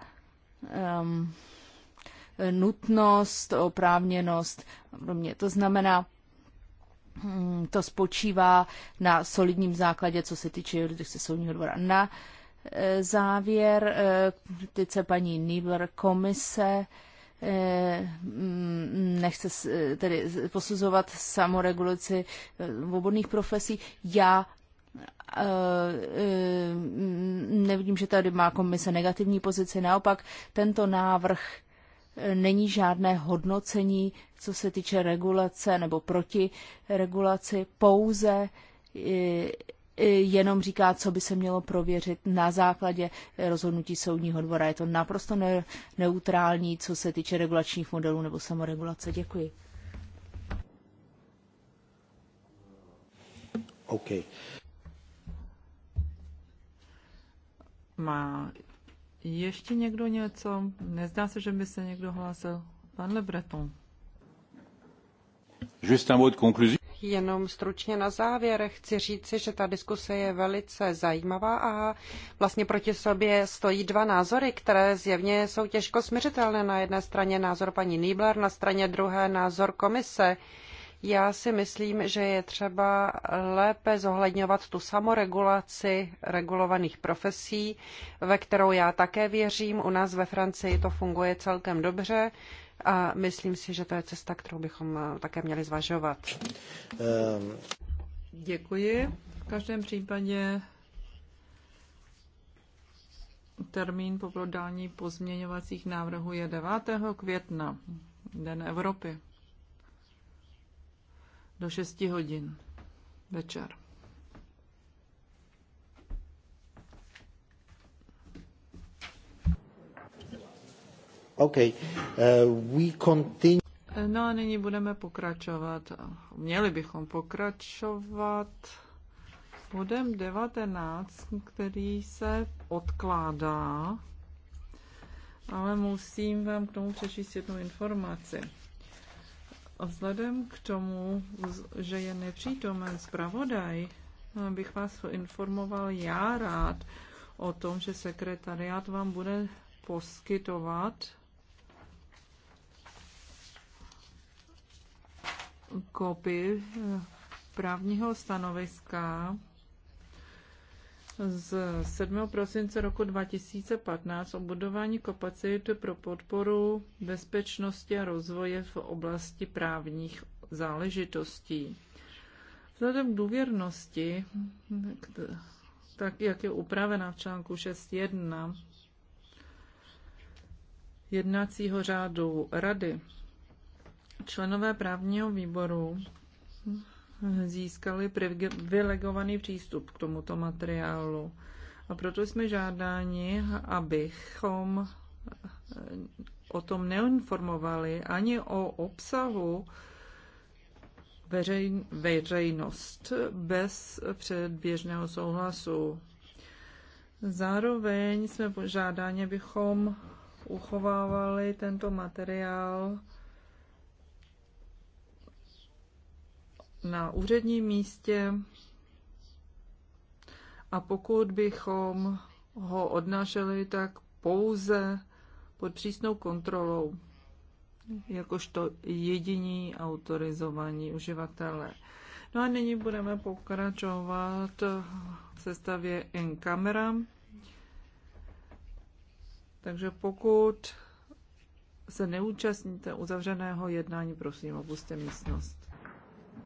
ehm, nutnost, oprávněnost. mě to znamená, hm, to spočívá na solidním základě, co se týče jurisdikce soudního dvora. Na eh, závěr eh, kritice paní Nibler komise Eh, mm, nechce eh, tedy posuzovat samoregulaci svobodných eh, profesí. Já nevidím, že tady má komise negativní pozici. Naopak tento návrh není žádné hodnocení, co se týče regulace nebo proti regulaci, pouze jenom říká, co by se mělo prověřit na základě rozhodnutí soudního dvora. Je to naprosto ne- neutrální, co se týče regulačních modelů nebo samoregulace. Děkuji. OK. Má ještě někdo něco? Nezdá se, že by se někdo hlásil. Pan Le Breton. Just un mot de conclusion. Jenom stručně na závěr chci říci, že ta diskuse je velice zajímavá a vlastně proti sobě stojí dva názory, které zjevně jsou těžko směřitelné. Na jedné straně názor paní Niebler, na straně druhé názor komise. Já si myslím, že je třeba lépe zohledňovat tu samoregulaci regulovaných profesí, ve kterou já také věřím. U nás ve Francii to funguje celkem dobře a myslím si, že to je cesta, kterou bychom eh, také měli zvažovat. Um. Děkuji. V každém případě termín po podání pozměňovacích návrhů je 9. května, Den Evropy, do 6 hodin večer. Okay. Uh, we continue. No a nyní budeme pokračovat. Měli bychom pokračovat bodem 19, který se odkládá, ale musím vám k tomu přečíst jednu informaci. Vzhledem k tomu, že je nepřítomen zpravodaj, bych vás informoval já rád o tom, že sekretariát vám bude poskytovat kopii eh, právního stanoviska z 7. prosince roku 2015 o budování kapacity pro podporu bezpečnosti a rozvoje v oblasti právních záležitostí. Vzhledem k důvěrnosti, tak jak je upravena v článku 6.1 jednacího řádu Rady, Členové právního výboru získali privilegovaný přístup k tomuto materiálu. A proto jsme žádáni, abychom o tom neinformovali ani o obsahu veřejn, veřejnost bez předběžného souhlasu. Zároveň jsme požádáni, abychom uchovávali tento materiál na úředním místě a pokud bychom ho odnášeli, tak pouze pod přísnou kontrolou, jakožto jediní autorizovaní uživatelé. No a nyní budeme pokračovat v sestavě in camera. Takže pokud se neúčastníte uzavřeného jednání, prosím, opuste místnost.